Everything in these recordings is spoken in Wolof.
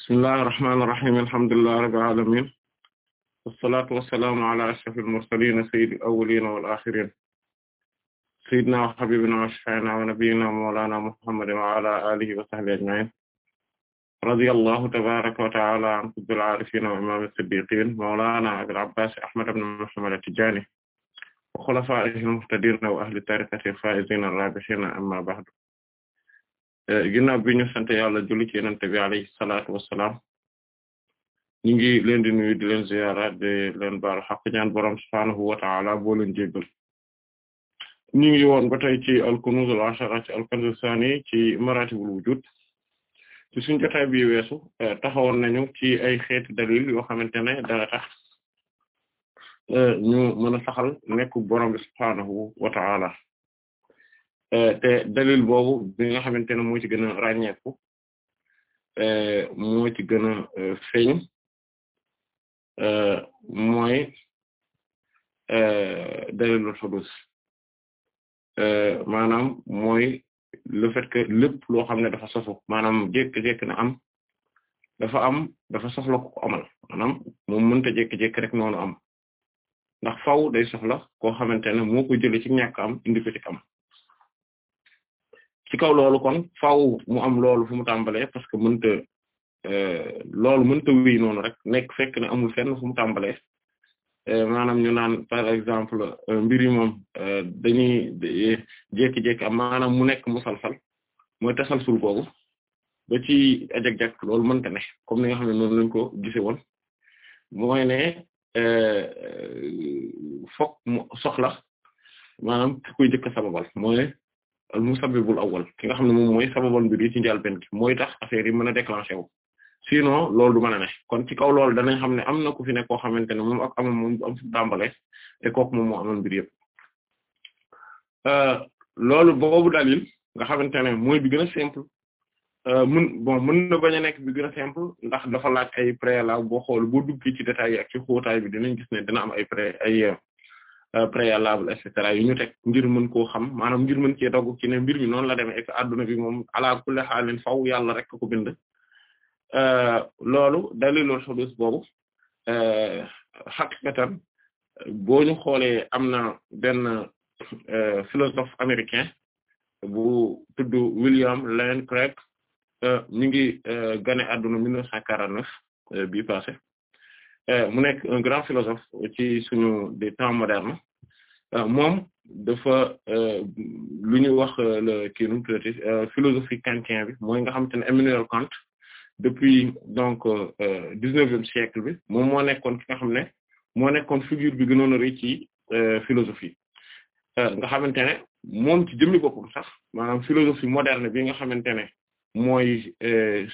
bismillahir rahmanir rahim alhamdulillahi rabbil alamin wassalatu wassalamu ala ashrafil mursalin sayyidil awwalin wal akhirin sayyidina wa habibina wa shafi'ina wa nabiyyina mawlana muhammadin wa ala alihi wa sahbihi ajma'in radiyallahu tabaraka wa ta'ala an qutbil arifin wa imam as-siddiqin mawlana abil abbas ahmad ibn muhammad at-tijani wa khulafa'ihil muhtadin wa ahli tariqatihi al-faizin ar-rabihin amma ba'du Eh, ginnaaw bi ñu sant yàlla julli ci yenente bi alayhi salaatu wassalaam ñu ngi leen di nuyu di leen ziyaara di leen baal xaq ñaan borom subhaanahu wa ta'ala boo leen jéggal ñu ngi woon ba ci al-Kunûz al ci al-Kanz ci maratibul wujud ci suñu jotaay bi weesu eh, taxawoon nañu ci ay xeet dalil yoo xamante ne dara tax eh, ñu mën saxal nekk borom bi subhaanahu wa Euh, te dalil boobu bi nga xamante ne moo ci gën a ràññeeku euh, moo ci gën a euh, feeñ mooy dalilul xudus maanaam mooy le loo xam ne dafa sosu maanaam jékki-jékki na am dafa am dafa soxla ko amal maanaam moom mënta jékki-jékki rek noonu am ndax faaw day soxla koo xamante ne moo ko jëlee ci ñàkk am indi ko am ci kaw loolu kon faw mu am loolu fu mu tàmbalee parce que mënta euh, loolu mënta wéy noonu rek nekk fekk ne amul fenn fu mu tàmbalee euh, maanaam ñu naan par exemple euh, mbir yi moom dañuy jékki-jékki am maanaam mu nekk musalsal mooy tasalsul boobu ba ci ajag-jag loolu mënta ne comme ni nga xam ne noonu lañ ko gisee woon mooy ne mu soxla maanaam ki koy jëkk sababal mooy al musabbibul awwal ki nga xam ne moom mooy sababal mbir yi ci njàlbéen gi mooy tax affaire yi mën a déclencher wu sinon loolu du mën ne kon ci kaw loolu danañ xam ne am na ku fi ne koo xamante ne moom ak amam moom am fu dàmbale te kooku moom moo amoon mbir yëpp euh, loolu boobu dalil nga xamante ne mooy bi gën a simple euh, mun bon mën na bañ a nekk bi gën a simple ndax dafa laaj ay préalable boo xool boo duggee ci détails ak ci xóotaay bi dinañ gis ne dina am ay pré ay Euh, préalable et cetera yu ñu teg ngir mën koo xam maanaam ngir mën cee dogg ci ne mbir mi noonu la demee et que adduna bi moom ala kulli haalin faw yàlla rek ko bind euh, loolu dalilul hudus boobu haqiqatan euh, boo ñu xoolee am na benn philosophe américain bu tudd William Lane Craig ñu ngi gane adduna 1949 bi passé Euh, mu nekk un grand philosophe ci suñu des temps modernes euh, moom dafa euh, lu ñu wax le kii nu tuddati philosophie kantien bi mooy nga xamante ne Emmanuel Kant depuis donc dix-neuvième siècle bi moom moo nekkoon ki nga xam ne moo nekkoon figure bi gënoon a rëy ci philosophie nga xamante ne moom ci jëmmi boppam sax maanaam philosophie moderne bi nga xamante ne mooy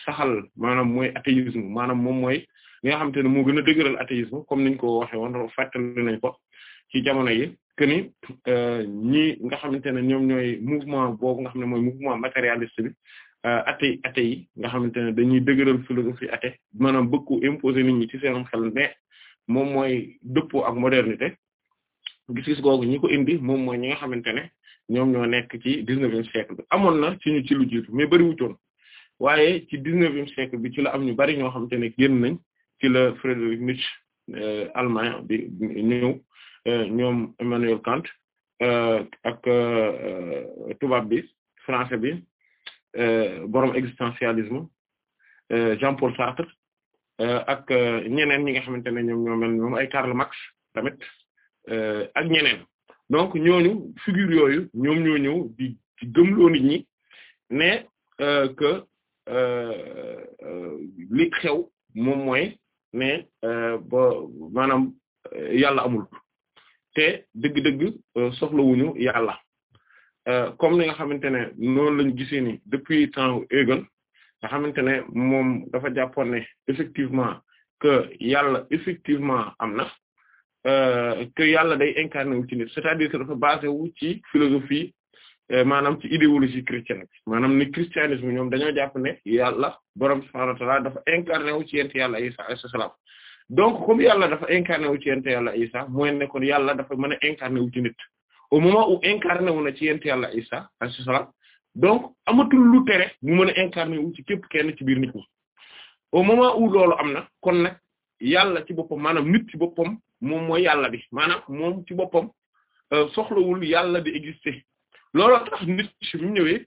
saxal maanaam mooy athéisme maanaam moom mooy li nga xamante ne moo gën a dëgëral athéisme comme niñ ko waxee woon fàttali nañ ko ci jamono yi que euh, ñi nga xamante ne ñoom ñooy mouvement boobu nga xam ne mooy mouvement matérialiste bi euh, athée nga xamante ne dañuy dëgëral philosophie athée maanaam bëgg ko imposer nit ci seenam xel ne moom mooy dëppoo ak modernité gis-gis googu ñi ko indi moom mooy ñi nga xamante ne ñoom ñoo nekk ci dix-neuvième siècle amoon na ci ñu ci lu jiitu mais bari wutoon waaye ci dix-neuvième siècle bi am ñu bari ñoo xamante ne génn nañ ci la Friedrich Nietzsche euh, allemand bi euh, ñoom Emmanuel Kant euh, ak tubaab bi français bi borom existentialisme Jean-Paul Sartre ak ñeneen ñi nga xamante ne ñoom ñoo mel ñoom ay Karl Marx tamit ak ñeneen donc ñooñu figure yooyu ñoom ñoo ñëw di ci gëmloo nit que li xew moom mooy mais euh, ba maanaam euh, yàlla amul te dëgg-dëgg euh, soxlawuñu yàlla comme ni nga xamante ne noonu lañu gisee ni depuis temps Hegel nga xamante ne moom dafa jàppoon ne effectivement que yàlla effectivement am na que yàlla day incarné wu ci nit c'est-à-dire que dafa basé wu ci philosophie Euh, maanaam ci idéologie chrétienne maanaam ni christianisme ñoom dañoo jàpp ne yàlla borom subhaanahu wa ta'aala dafa incarné wu ci yent yàlla Isa alayhi salaam donc comme yàlla dafa incarné wu yàlla Isa mooy ne kon yàlla dafa mën a incarné wu ci nit au moment où incarné wu na ci yent yàlla Isa alayhi salaam donc amatul lu tere mu mën a incarné wu ci képp kenn ci biir nit ñi au moment où loolu am na kon nag yàlla ci boppam maanaam nit ci boppam moom mooy yàlla bi maanaam moom ci boppam euh, soxlawul yàlla di exister looloo tax nit ci mu ñëwee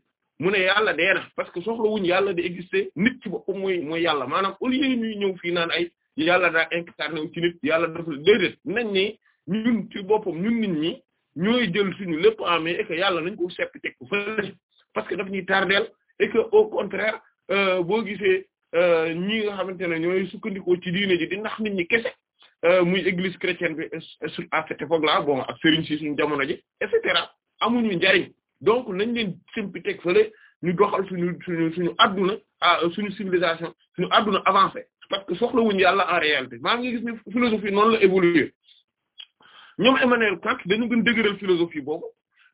mu ne yàlla dee parce que soxla wuñ yàlla di exister nit ci boppam mooy mooy yàlla maanaam au lieu ñuy ñëw fii naan ay yàlla daa incarné wu ci nit yàlla dafa déedéet nañ ne ñun ci boppam ñun nit ñi ñooy jël suñu lépp amee et yàlla nañ ko sepp teg parce que daf ñuy tardeel et que au contraire euh, boo gisee euh, ñi nga xamante ne ñooy sukkandikoo ci diine ji di ndax nit ñi kese euh, muy église chrétienne bi à cette époque là bon ak sëriñ si suñu jamono ji et amuñu njariñ donc nañ leen simpi teg fële ñu doxal suñu suñu suñu adduna ah, suñu civilisation suñu adduna avancé parce que soxlawuñu yàlla en réel réalité maa ngi gis ni philosophie noonu la évoluer ñoom Emmanuel Kant dañu gën dëgëral philosophie boobu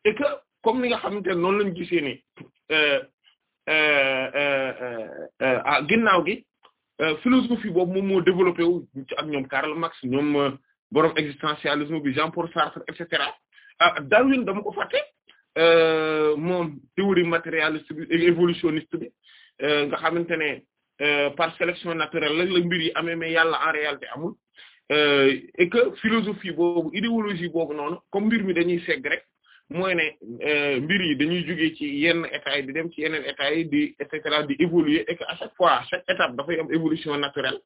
et que comme ni nga xamante ne noonu lañu gisee ni euh, euh, euh, ah ginnaaw gi philosophie boobu moom moo développé wu ci ak ñoom Karl max ñoom borom existentialisme bi Jean-Paul Sartre et cetera ah Darwin dama ko fàtte euh, moom théorie matérialiste bi euh, évolutionniste bi euh, nga xamante ne par sélection naturelle la la mbir yi amee mais yàlla en réalité amul et que philosophie boobu idéologie boobu noonu comme mbir mi dañuy segg rek mooy ne mbir yi dañuy jógee ci yenn état yi di dem ci yenn état yi di et cetera di évoluer et que chaque fois à chaque étape dafay am évolution naturelle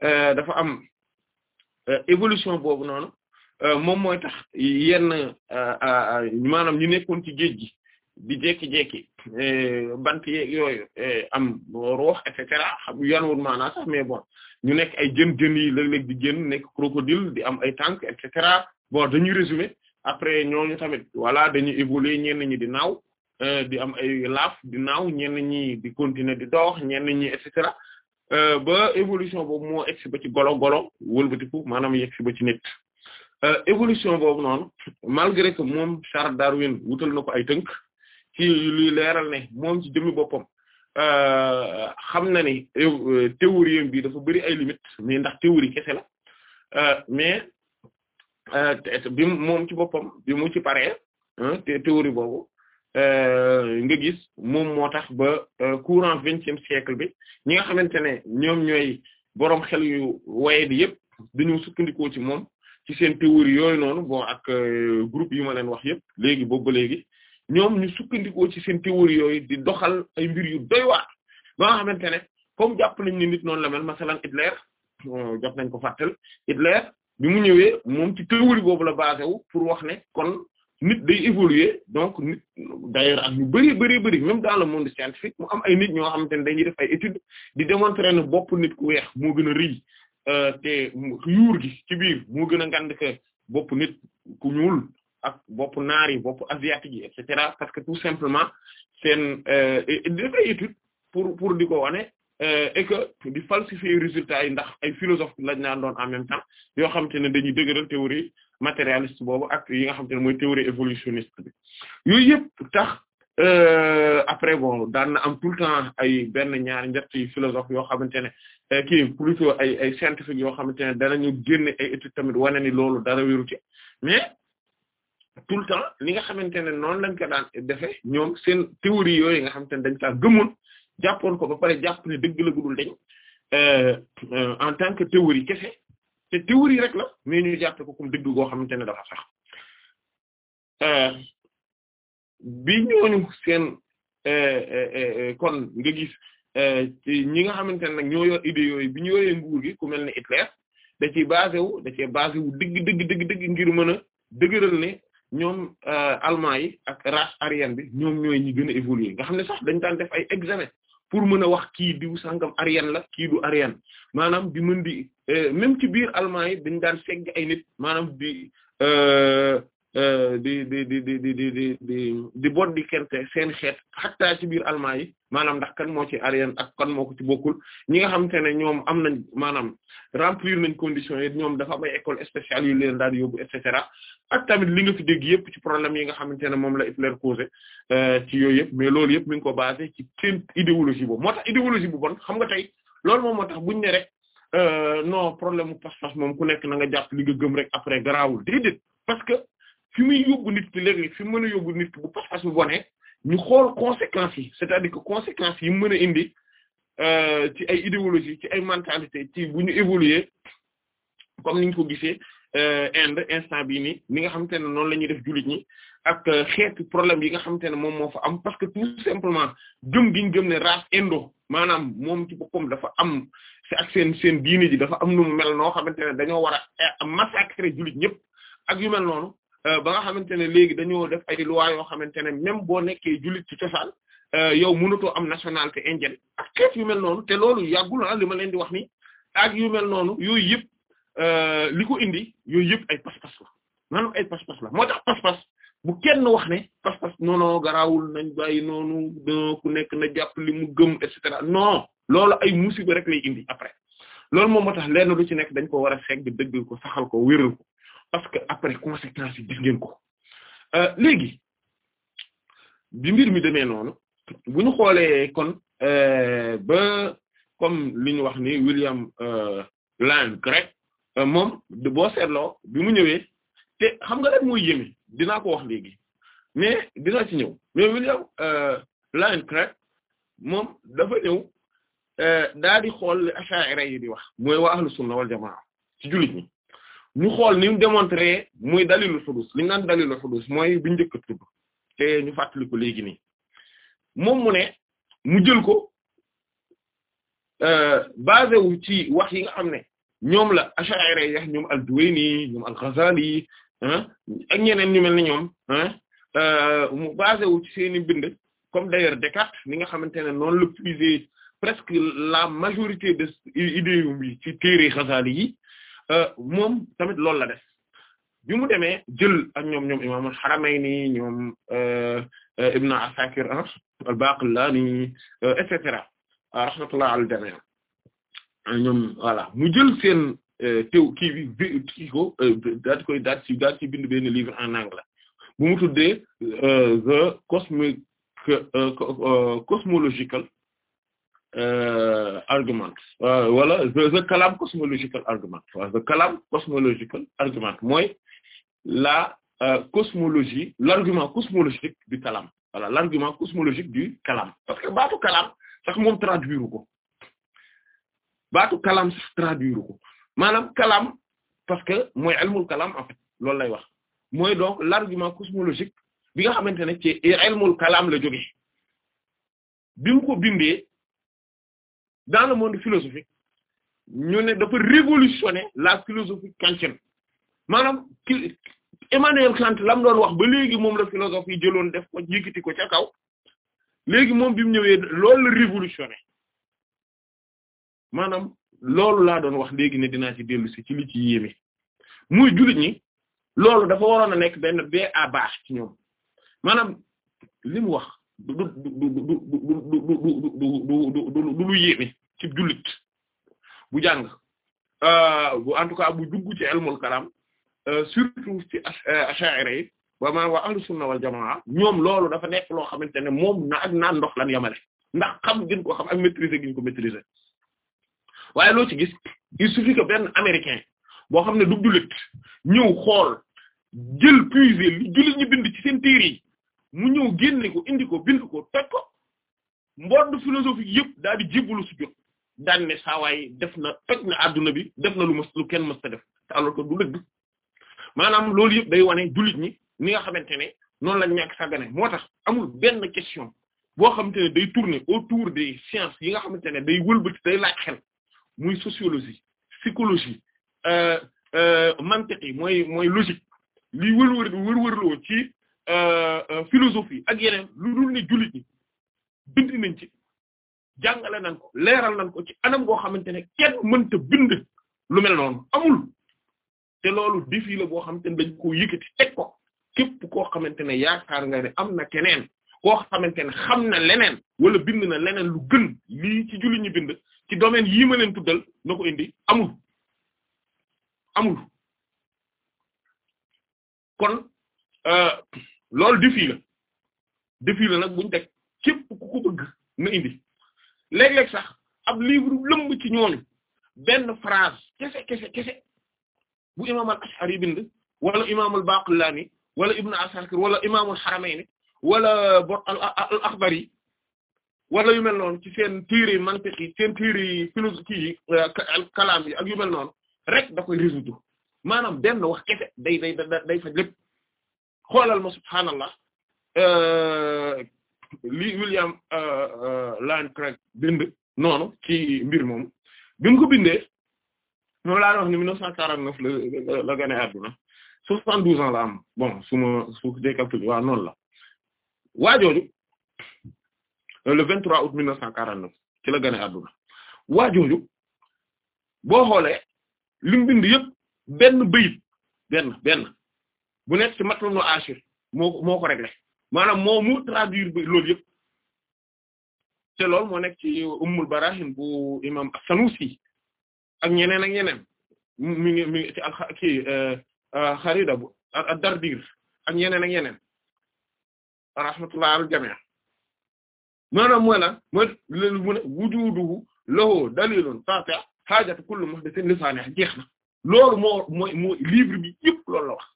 dafa am évolution boobu noonu Euh, moom mooy tax yenn euh, euh, maanaam ñu nekkoon ci géej gi di jékki-jékki bant yeeg am roox et cetera xam yanwul maanaa sax mais bon ñu nekk ay jën jën yi léeg-léeg di génn nekk crocodile di am ay tànk et cetera bon dañuy résumé après ñooñu tamit voilà dañuy évoluer ñenn ñi di naaw di am ay laaf di naaw ñenn ñi di continuer di dox ñenn ñi et cetera ba évolution boobu moo egg si ba ci golo golo wëlbatiku maanaam yegg si ba ci nit Euh, évolution boobu noonu malgré que moom Charles Darwin wutal na ko ay tënk ki luy leeral ne moom ci jëmmi boppam euh, xam na ni euh, théorie bi dafa bari ay limite mais ndax théorie kese la mais bim moom ci boppam bi mu ci pare te théorie boobu nga gis moom moo tax ba courant vingtième siècle bi ñi nga xamante ne ñoom ñooy borom xel yu waye di yëpp dañu sukkandikoo ci moom ci seen théorie yooyu noonu bon ak euh, groupe yi ma leen wax yëpp léegi boobu ba léegi ñoom ñu sukkandikoo ci seen théorie yooyu di doxal ay mbir yu doy waar ba nga xamante ne comme jàpp nañ ne nit noonu la mel masalan Hitler jot nañ ko fàttal Hitler bi mu ñëwee moom ci théorie boobu la basé pour wax ne kon nit day évoluer donc nit d'ailleurs ak ñu bari bari bari même dans le monde scientifique moo am ay nit ñoo xamante ne dañuy def ay études di démontrer ne bopp nit ku weex moo gën a rii Euh, te yuur gi ci biir gën a ngand que bopp nit ku ñuul ak bopp naar yi bopp asiatique yi et parce que tout simplement seen euh, dafay étude pour pour di ko wane euh, et que di falsifier résultats yi ndax ay philosophe lañ naan doon en même temps yoo xam te ne dañuy dëgëral théorie matérialiste boobu ak yi nga xam ne mooy théorie évolutionniste bi yooyu tax Euh, après bon daan na am tout le temps ay benn ñaar njëkk yu philosophe yoo xamante ne euh, ki plutôt ay ay scientifique yoo xamante ne danañu génne ay études tamit wane ni loolu dara wéru ci mais tout le temps li nga xamante ne noonu lañ ko daan defee ñoom seen théorie yooyu nga xamante ne dañ kaa gëmoon jàppoon ko ba pare jàpp ne dëgg la gudul euh, en tant que théorie kese te théorie rek la mais ñu jàppe ko comme dëgg goo xamante ne dafa sax. bi ñooñu seen eh, eh, eh, kon nga gis ñi nga xamante ne nag ñoo yor idées yooyu bi ñu yoree nguur gi ku mel ne Hitler da ciy basé wu da cee basé wu dëgg dëgg dëgg dëgg ngir mën a dëgëral ne ñoom allemand yi ak race aryenne bi ñoom ñooy ñi gën a évoluer nga xam ne sax dañ daan def ay examen pour mën a wax kii diw sangam aryenne la kii du aryenne maanaam di mën di même ci biir allemand yi dañ daan segg ay nit maanaam di Euh, di di di di di di di di bot di kerte seen xeet xattaa ci biir almaa yi maanaam ndax kan moo ci aryan ak kan moo ko ci bokkul ñi nga xamante ne ñoom am nañ maanaam remplir nañ conditions yi ñoom dafa am ay école spéciale yu leen daal di et cetera ak tamit li nga fi dégg yëpp ci problème yi nga xamante ne moom la Hitler causé euh, ci yooyu yëpp mais loolu yëpp mi ngi ko basé ci seen idéologie boobu moo tax idéologie bo bon xam nga tey loolu moom moo tax buñ ne euh, no problème mu pas-pas moom ku nekk na nga jàpp li nga gëm rek après garaawul fi muy yóbbu nit ki léeg fi mu mën a yóbbu nit ki bu pas-pas mu bonee ñu xool conséquences yi c'est-à-dire que conséquences yi mën a indi euh, ci ay idéologie ci ay mentalité ci bu ñu évoluer comme niñ ko gisee euh, Inde instant bii nii ni nga xamante ne noonu la ñuy def jullit ñi ak euh, xeetu problème yi nga xamante ne moom moo fa am parce que tout simplement gëm gi ñu gëm ne race indo maanaam moom ci boppam dafa am si ak seen seen diini ji dafa am nu mu mel noo xamante ne dañoo war a eh, massacrer jullit ñëpp ak yu mel noonu Euh, ba nga xamante ne léegi dañoo def ay lois yoo xamante ne même boo nekkee jullit ci cosaan euh, yow mënatoo am nationalité indienne ak xeet yu mel noonu te loolu yàggul na ah, li ma leen di wax ni ak yu mel noonu yooyu yëpp euh, li ko indi yooyu yëpp ay pas-pas la maanaam moo tax pas-pas bu kenn wax ne pas-pas non non garaawul nañ bàyyi noonu da ku nekk na jàpp li mu gëm et cetera non loolu ay musiba rek lay indi après loolu moom mo tax lenn lu ci nekk dañ ko war a fekk dëgg ko saxal ko wéral ko parce que après conséquences yi gis ngeen ko euh, léegi bi mbir mi demee noonu bu ñu xoolee kon euh, ba comme li ñu wax ni William euh, Lane Craig moom boo seetloo bi mu ñëwee te xam nga lan mooy yéeme dinaa ko wax léegi mais dina ci ñëw mais William Lane Craig moom dafa ñëw daa di xool li asha'ira yi di wax mooy waa ahlu sunna wal jamaa ci jullit ñi ñu xool ni mu démontrer muy dalilu xudus li ñu naan dalilu xudus mooy bi njëkk a te ñu fàttali ko léegi nii moom mu ne mu jël ko euh, basé wu ci wax yi nga xam ne ñoom la Ash'ari yi ñoom al-Duwayni ñoom al-Ghazali ak ñeneen ñu mel ni ñoom euh, mu basé wu ci seeni bind comme d'ailleurs Descartes ni nga xamante ne noonu la presque la majorité des idées yu ci téere Ghazali yi Euh, moom tamit loolu la def bi mu demee jël ak ñoom ñoom imaamul Haramayni ñoom euh, Ibn Asakir al-Baqillani euh, et cetera ah, rahmatullah al jami' ñoom voilà mu jël seen teew kii bi kii ko koy daal ci daal bind benn livre en anglais bu mu tuddee the cosmic cosmological Euh, argument euh, wala the kalam cosmological argument waaw cosmological argument mooy la euh, cosmologie l'argument cosmologique du kalam voilà l'argument cosmologique du kalam parce que baatu kalam sax moom traduire ko baatu kalam sax traduire ko maanaam kalam parce que mooy ilmul kalam en fait loolu lay wax mooy donc l'argument cosmologique bi nga xamante ne ci ilmul kalam la jóge bi ko bindee dans le monde philosophique ñu ne dafa révolutionner la philosophie kantienne maanaam ki Emmanuel Kant lam doon wax ba léegi moom la philosophe yi jëloon def ko yëkkati ko ca kaw léegi moom bi ñëwee loolu la révolutionner maanaam loolu laa doon wax léegi ne dinaa ci dellu si ci li ci yéeme muy jullit ñi loolu dafa waroon a nekk benn bee à baax ci ñoom maanaam li mu wax du du du du du du du lu yéeme ci jullit bu jàng bu en tout cas bu dugg ci ilmul kalam surtout ci ash'ari yi wa ma wa ahlu sunna wal jamaa ñoom loolu dafa nekk loo xamante ne moom na ak naan ndox lan yamale ndax xam gën ko xam ak maîtriser giñ ko maîtriser waaye loo ci gis il suffit que benn américain boo xam ne du jullit ñëw xool jël puiser li jullit ñu bind ci seen téere yi mu ñëw génne ko indi ko bind ko toj ko mbodd philosophique yëpp daal di jébbalu sujjóot daan ne saawaay def na toj na adduna bi def na lu mës lu kenn mës ta def te alors que du dëgg maanaam loolu yëpp day wane jullit ñi ni nga xamante ne noonu lañ ñàkk sàggane moo tax amul benn question boo xamante ne day tourner autour des sciences yi nga xamante ne day wëlbati day laaj xel muy sociologie psychologie euh euh mantiq yi mooy mooy logique li wër-wër wër ci Euh, euh, philosophie ak yeneen lu dul ne jullit bind nañ ci jàngale nañ ko leeral nañ ko ci anam goo xamante ne kenn bind lu mel noonu amul te loolu défi la boo xamante ne dañ koo yëkkati ko képp koo xamante ne yaakaar nga ne am na keneen koo xamante ne xam na leneen wala bind na leneen lu gën lii ci jullit ñi bind ci domaine yii ma leen tuddal na ko indi amul amul kon. Euh, loolu défi la nag buñu teg képp ku ko bëgg na indi léeg-léeg sax ab livre lëmb ci ñooñu benn phrase kese kese kese bu imaam al-Ash'ari bind wala imaam al-Baqillani wala Ibn Asakir wala imaam al-Haramayni wala bor al-Akhbari wala yu mel noonu ci seen téere mantiq yi seen téere philosophie yi euh, kalaam yi ak yu mel noonu rek da koy résoudre maanaam benn wax kese day day faj lépp xoolal ma subhaanallah euh, li William euh, euh, Lane Craig bind noonu ci mbir moom bi mu ko bindee moom laa wax ni 1949 la la gane àdduna 72 ans la am bon su ma wa ma calculé waaw noonu la waajooju le 23 août 1949 ci la gane àdduna waajooju boo xoolee li mu bind yëpp benn bayit benn benn bu nekk ci matlul no ashir moo moo ko réglé maanaam moo mu traduire lool loolu te loolu moo nekk ci ummul barahin bu imam as-Sanusi ak ñeneen ak ñeneen mi ngi mi ngi ci alxa euh, euh, bu ad-Dardir ak ñeneen a ñeneen rahmatullah al jami' maanaam mooy lan mooy loolu mu ne wujuduhu lahu dalilun qati' hajatu kullu muhdathin li saalih jeex na loolu moo mooy mooy livre bi yëpp loolu la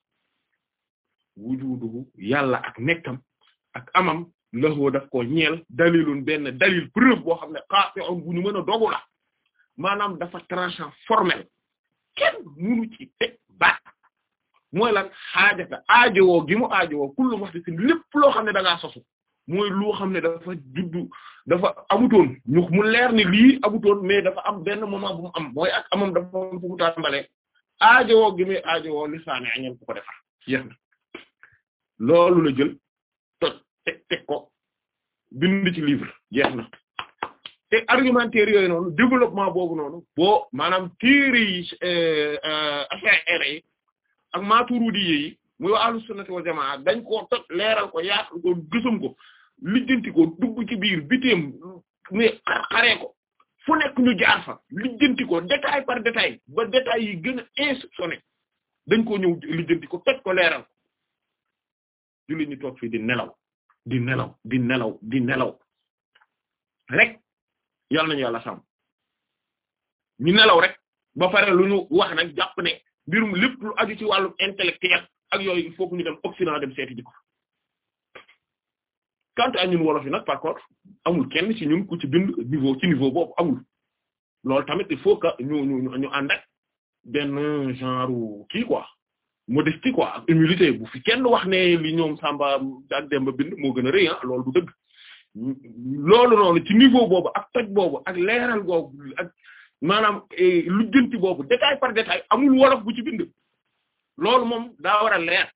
wujuduhu yàlla ak nekkam ak amam lahu daf ko ñeel dalilun benn dalil preuve boo xam ne qati'un bu ñu mën a dogu la maanaam dafa tranchant formel kenn munu ci teg baat mooy lan xaajata aajowoo gi mu aajowoo kullum wax di si lépp loo xam ne da ngaa mooy loo xam ne dafa juddu dafa amutoon ñu mu leer ni lii amutoon mais dafa am benn moment bu mu am mooy ak amam dafa am fu mu tàmbalee aajowoo gi muy aajowoo lisaane añeen ku ko defar loolu la jël toj teg ko bind ci livre jeex na te argumentaire yooyu noonu développement boobu noonu boo maanaam téere yi euh, ash'ari yi ak maturidi yi muy waa ahlus sunnati jamaa dañ koo toj leeral ko yaatal ko gësam ko lijjanti ko dugg ci biir bitim mais xaree ko fu nekk ñu jaar fa lijjanti ko par détail ba détail yi gën a insoupçonné dañ ko ñëw lijjanti ko ko leeral jullit ñi toog fii di nelaw di nelaw di nelaw di nelaw rek yàlla nañu yàlla sàmm ñu nelaw rek ba pare lu ñu wax nag jàpp ne mbirum lépp lu aju ci wàllum intellectuel ak yooyu il faut que ñu dem Occident dem seeti ji ko quant à ñun yi nag par contre amul kenn ci ñun ku ci bind niveau ci niveau boobu amul loolu tamit il faut que ñu ñu ñu ànd ak benn genre kii quoi modestie quoi ak humilité bu fi kenn wax ne li ñoom Samba ak Demba bind moo gën a rëy ah, loolu du dëgg loolu noonu ci niveau boobu ak toj boobu ak leeral googu ak maanaam eh, lu jënti boobu détail par détail amul wolof bu ci bind loolu moom daa war a leer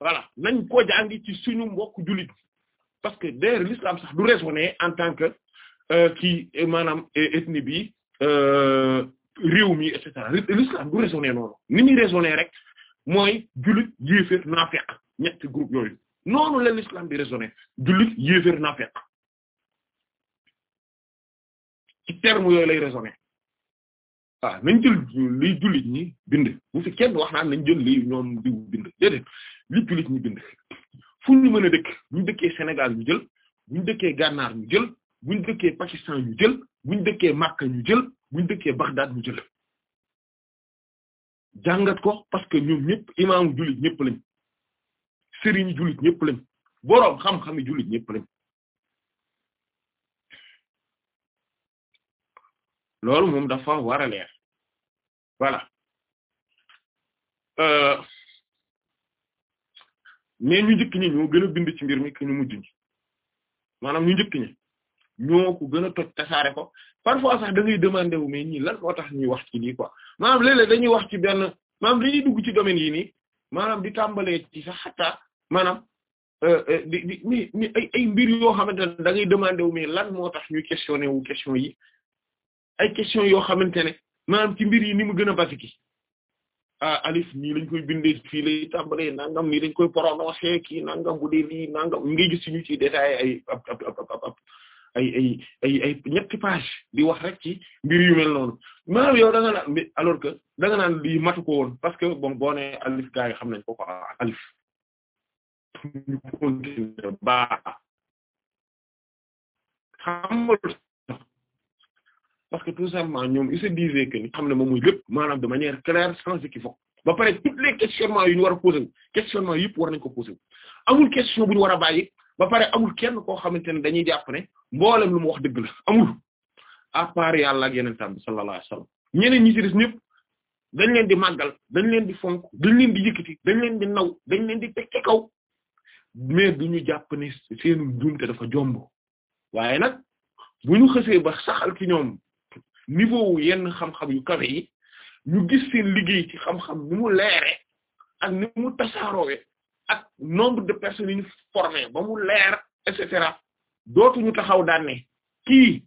voilà nañ ko jàngi ci suñu mbokk jullit parce que d'ailleurs l'islam sax du raisonner en tant que euh, kii eh, maanaam eh, ethnie bi euh, réew mi et cetera l'islam du raisonner noonu ni muy raisonner rek mooy jullit yéeféer naafeq ñetti groupe yooyu noonu la l'islam bi raisonné jullit yéeféer naafeq ci terme yooyu lay raisonné waaw nañ jël liy jullit ñi bind bu fi kenn wax naan nañ jël li ñoom diw bind déedéet li jullit ñi bind fu ñu mën a dëkk buñ dëkkee Sénégal ñu jël buñ dëkkee Gànnaar ñu jël buñ dëkkee Pakistan ñu jël buñ dëkkee Makka ñu jël buñ dëkkee Bagdad ñu jël jàngat ko parce que ñoom ñëpp imaamu jullit ñëpp lañ sëriñu jullit ñëpp lañ boroom xam-xami jullit ñëpp lañ loolu moom dafa war a leer voilà euh, mais ñu njëkk ñi ñoo gën a bind ci mbir mi que ñu mujj ñi maanaam ñu ñi ñoo ko gën a toj tasaare ko parfois sax da ngay wu mais ñii lan moo tax ñuy wax ci lii quoi maanaam léeg-léeg dañuy wax ci benn maanaam li ñuy dugg ci domaine yi nii maanaam di tàmbalee ci sax xataa maanaam euh, euh, di mi mbir yoo xamante ne da ngay wu mais lan moo tax ñuy questionner wu question yi ay question yoo xamante ne maanaam ci mbir yi ni mu gën a basique ah alif nii lañ koy bindee fii lay tàmbalee nangam nii lañ koy prononcer kii nangam bu dee lii nangam ngi gis ñu ci détail ay ay ay ay ñetti page di wax rek ci mbir yu mel noonu maanaam yow da nga naan alors que da nga naan lii matu ko woon parce que bon boo nee alif gaa yi xam nañ ko ko alif ñu continuer baa xamal parce que tout simplement ñoom ils se disaient que xam ne moom mooy lépp maanaam de manière claire sans équivoque ba pare toutes les questionnements yu ñu war a questionnement yëpp war nañ ko amul question bu ñu war a bàyyi ba pare amul kenn koo xamante ne dañuy jàpp ne mboolem lu mu wax dëgg la amul à part yàlla ak yeneen tam bi sallallahu alayhi wasallam ñeneen des ñëpp dañ leen di màggal dañ leen di fonk dañ leen di yëkkati dañ leen di naw dañ leen di teg ci du ñu jàpp ne seenu njuumte dafa jomb waaye nag bu ñu xësee ba saxal ci ñoom niveau yenn xam-xam yu kawe yi ñu gis seen liggéey ci xam-xam ni mu leere ak ni mu tasaaroowee nombre de personnes yi ñu formé ba leer et cetera dootuñu taxaw daan ne kii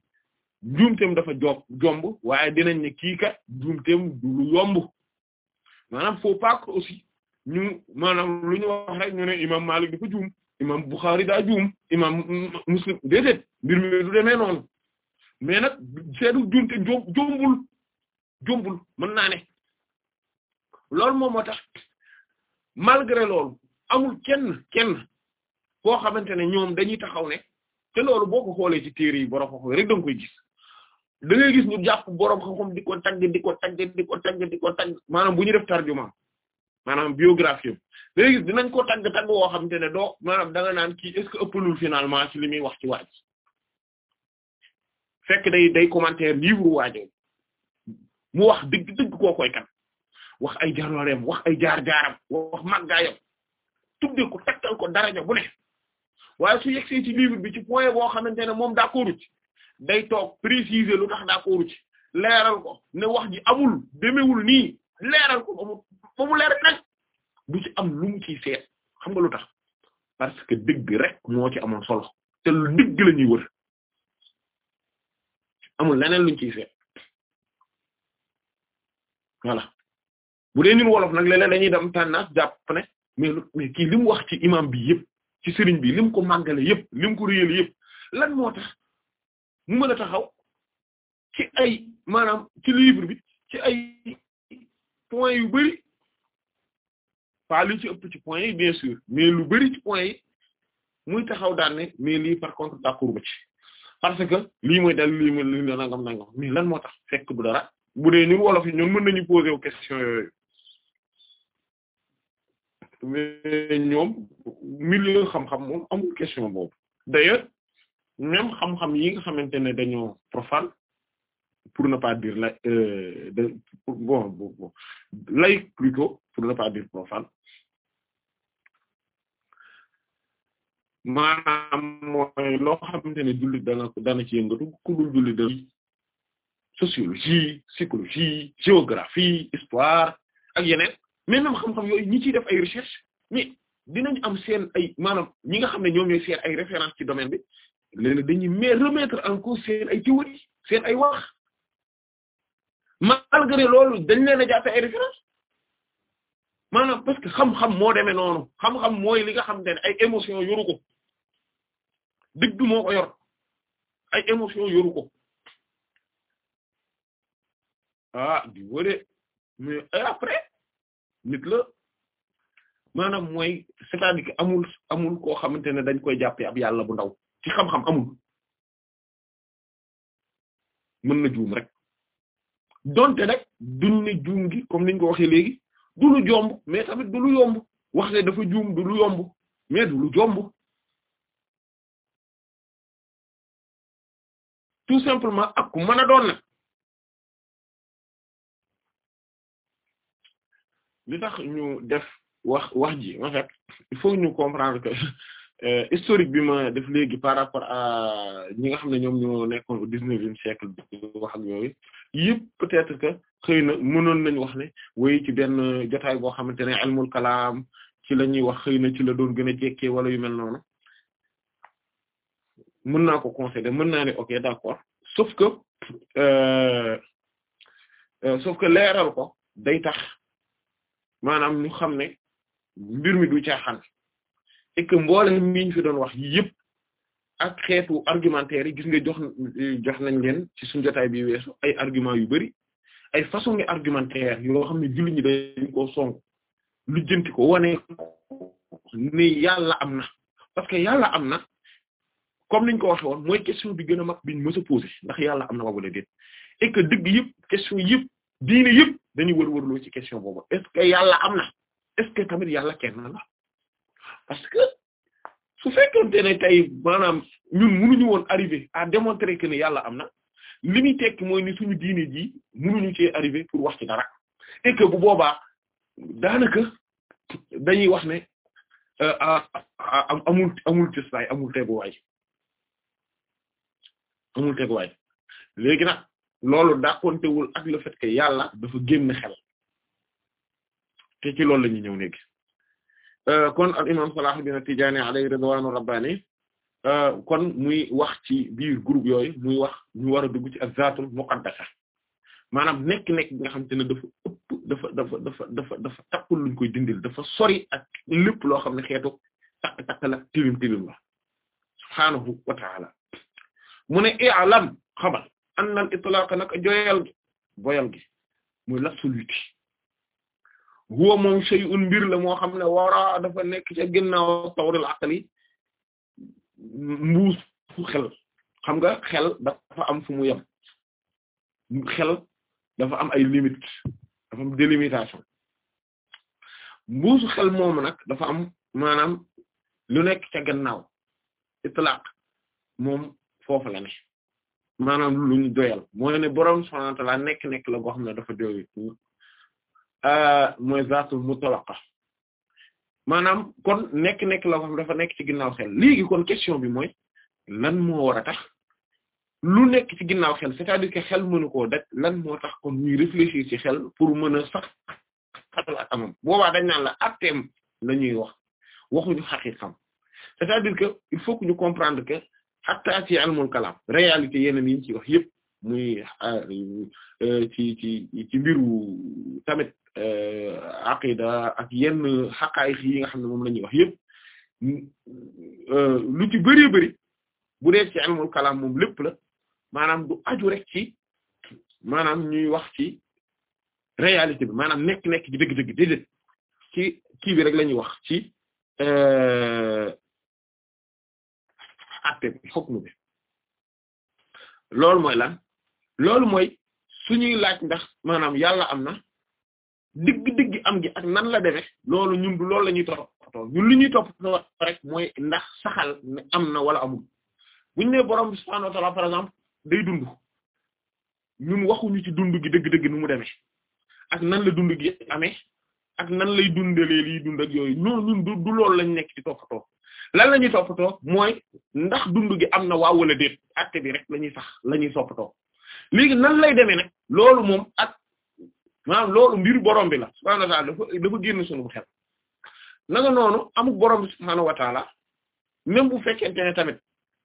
njuumteem dafa jo jomb waaye dinañ ne kii kat njuumteem du yomb maanaam faut pas aussi ñu maanaam lu ñu wax rek ñu ne imam Malik dafa juum imam Bukhari daa juum imam Muslim déedéet mbir mi du demee noonu mais nag seedu juumte jo jombul jombul mën naa ne loolu moom moo tax malgré loolu amul kenn kenn koo xamante ne ñoom dañuy taxaw ne te loolu boo ko xoolee ci téere yi borom xam rek da nga koy gis da gis ñu jàpp borom xam-xam di ko tagg di ko tagg di ko tagg di ko tagg maanaam bu ñu def tarjuma maanaam biographie da gis dinañ ko tagg tagg woo xamante ne doo maanaam da nga naan kii est-ce que ëppalul finalement ci li muy wax ci waaj fekk day day commentaire livre waajoo mu wax dëgg dëgg koo koy kan wax ay jaaroreem wax ay jaar-jaaram wax màggaayam tuddee ko takkal ko daraja bu ne waaye su yegsee ci livre bi ci point boo xamante ne moom d'accord ci day toog préciser lu tax d'accord ci leeral ko ne wax ji amul demewul nii leeral ko ba mu ba leeral nag du ci am lu mu ciy seet xam nga lu tax parce que dëgg rek moo ci amoon solo te lu dëgg la ñuy wër amul leneen luñ ciy seet voilà bu dee ñun wolof nag léeg-léeg dañuy dem tànnaas jàpp mais mais kii li mu wax ci imam bi yëpp ci sëriñ bi li mu ko màggale yëpp li ko réyal yëpp lan moo tax mu mën a taxaw ci ay maanaam ci livre bi ci ay points yu bari pas li ci ëpp ci points yi bien sûr mais lu bari ci points yi muy taxaw daan ne mais lii par contre d'accord ba ci parce que lii mooy dal lii mooy lii nangam nangam mais lan moo tax fekk bu dara bu dee ñun wolof yi ñun mën nañu poser question yooyu mais ñoom milieu xam-xam moom amul question boobu d'ailleurs même xam-xam yi nga xamante ne dañoo profane pour ne pas dire la euh, bon bon laïque plutôt pour ne pas dire profane maanaam mooy loo xamante ne jullit dana dana ci yëngatu ku dul jullit dana sociologie psychologie géographie histoire ak yeneen mais même xam-xam yooyu ñi ciy def ay recherche mi dinañ am seen ay maanaam ñi nga xam ne ñoom seen ay référence ci domaine bi léeg-léeg dañuy mais remettre en cause seen ay théorie seen ay wax loolu dañ leen a jàppe ay référence maanaam parce que xam-xam moo demee noonu xam-xam mooy li nga xam ne ay émotion yoru ko dëgg moo ko yor ay émotion yoru ko ah di mais après nit la maanaam mooy cest à amul amul koo xamante ne dañ koy jàppee ab yàlla bu ndaw ci xam-xam amul mën na juum rek donte nag duñ ne juum gi comme niñ ko waxee léegi du lu mais tamit du lu yomb wax ne dafa juum du lu yomb mais du lu jomb tout simplement ak ku mën a doon li tax ñu def wax wax ji en fait il faut ñu comprendre que euh, historique bi ma def léegi par rapport à ñi nga xam ne ñoom ñoo nekkoon au dix-neuvième siècle bi wax yëpp peut-être que xëy na mënoon nañ wax ne way ci benn jotaay boo xamante ne ilmul kalaam ci la ñuy wax xëy na ci la doon gën a jekkee wala yu mel noonu mën naa ko concéder mën naa ne ok d'accord sauf que euh, euh sauf que leeral ko day tax maanaam ñu xam ne mbir mi du caaxaan et que mboolem mi fi doon wax yëpp ak xeetu argumentaire yi jox jox nañ leen ci suñu jotaay bi weesu ay argument yu bari ay façon ngi argumentaire yoo xam ne jullit ñi dañ koo song lu jënti ko wane ne yàlla am na parce que yàlla am na comme niñ ko waxe woon mooy question bi gën a mag biñ mës a ndax yàlla am na wala déet et que dëgg yëpp question yëpp diine yëpp dañu wër-wërloo ci question boobu est ce que yàlla am na est ce que tamit yàlla kenn la parce que su fekkonte ne tey maanaam ñun mënuñu woon arriver à démontrer que ne yàlla am na li muy tekki mooy ni suñu diine ji mënuñu cee arriver pour wax ci dara et que bu boobaa daanaka dañuy wax ne euh, amul amul cëslaay amul teguwaay amul teguwaay léegi nag. loolu dàqontewul ak le fait yàlla dafa génn xel te ci loolu la ñuy ñëw léegi euh, kon al imam Salah Din At-Tidjânî alayhi ridwanu rabbani euh, kon muy wax ci biir groupe yooyu muy wax ñu war a dugg ci az-zaatul muqaddasa maanaam nekk-nekk nga xam te ne dafa ëpp dafa dafa dafa dafa dafa takkul luñ koy dindil dafa sori ak lépp loo xam ne xeetu takk-takk la tilim tilim la subhaanahu wa ta'ala mu ne i'lam xamal an al itlaq nag joyal gi boyal gi mooy l'absoluti huwa moom shay'un mbir la moo xam ne wara dafa nekk ci ginnaaw tawril aqli mbuus fu xel xam nga xel dafa am fu mu yem xel dafa am ay limites dafa am délimitation mbuusu xel moomu nag dafa am maanaam lu nekk ca gannaaw itlaq moom foofu la ne maanaam lu ñu doyal mooy ne borom subhaanahu wa nekk-nekk la boo xam ne dafa doy euh, mooy zaatul mutlaqa maanaam kon nekk-nekk la boo xam dafa nekk ci ginnaaw xel léegi kon question bi mooy lan moo war a tax lu nekk ci ginnaaw xel c'est-à-dire que xel mënu koo daj lan moo tax kon ñuy réfléchir ci xel pour mën a sax xatal ak amam dañ naan la atteem la ñuy wax waxuñu xaqiqam c'est-à-dire que il faut que ñu comprendre que hatta ci ilmul kalam réalité yeneen yi ci wax yëpp muy euh, ci ci ci mbiru tamit euh, aqida ak yenn xaqaayiq yi nga xam ne moom la ñuy wax yëpp euh, lu ci bëree bëri bu ci ilmul kalam moom lépp la maanaam du aju rek ci maanaam ñuy wax ci réalité bi maanaam nekk-nekk ci dëgg ci kii bi rek la ñuy wax ci atte bi xukmu bi loolu mooy la loolu mooy ñuy laaj ndax maanaam yàlla am na digg-digg am gi ak nan la demee loolu ñun du loolu la ñuy toppatoo ñun li ñuy toppatoo rek mooy ndax saxal am na wala amul buñ ne borom bi subhaanahu par exemple day dund ñun waxuñu ci dund gi dëgg-dëgg nu mu demee ak nan la dund gi amee ak nan lay dundalee liy dund ak yooyu ñun du loolu lañu nekk ci toppatoo lan la ñuy toppatoo mooy ndax dund gi am na waaw wala déet acte bi rek la ñuy sax lañuy ñuy léegi nan lay demee nag loolu moom ak maanaam loolu bi la subhaanahu wa ta'ala dafa dafa génn sunu xel nanga noonu amul borom bi subhaanahu wa ta'ala même bu fekkente ne tamit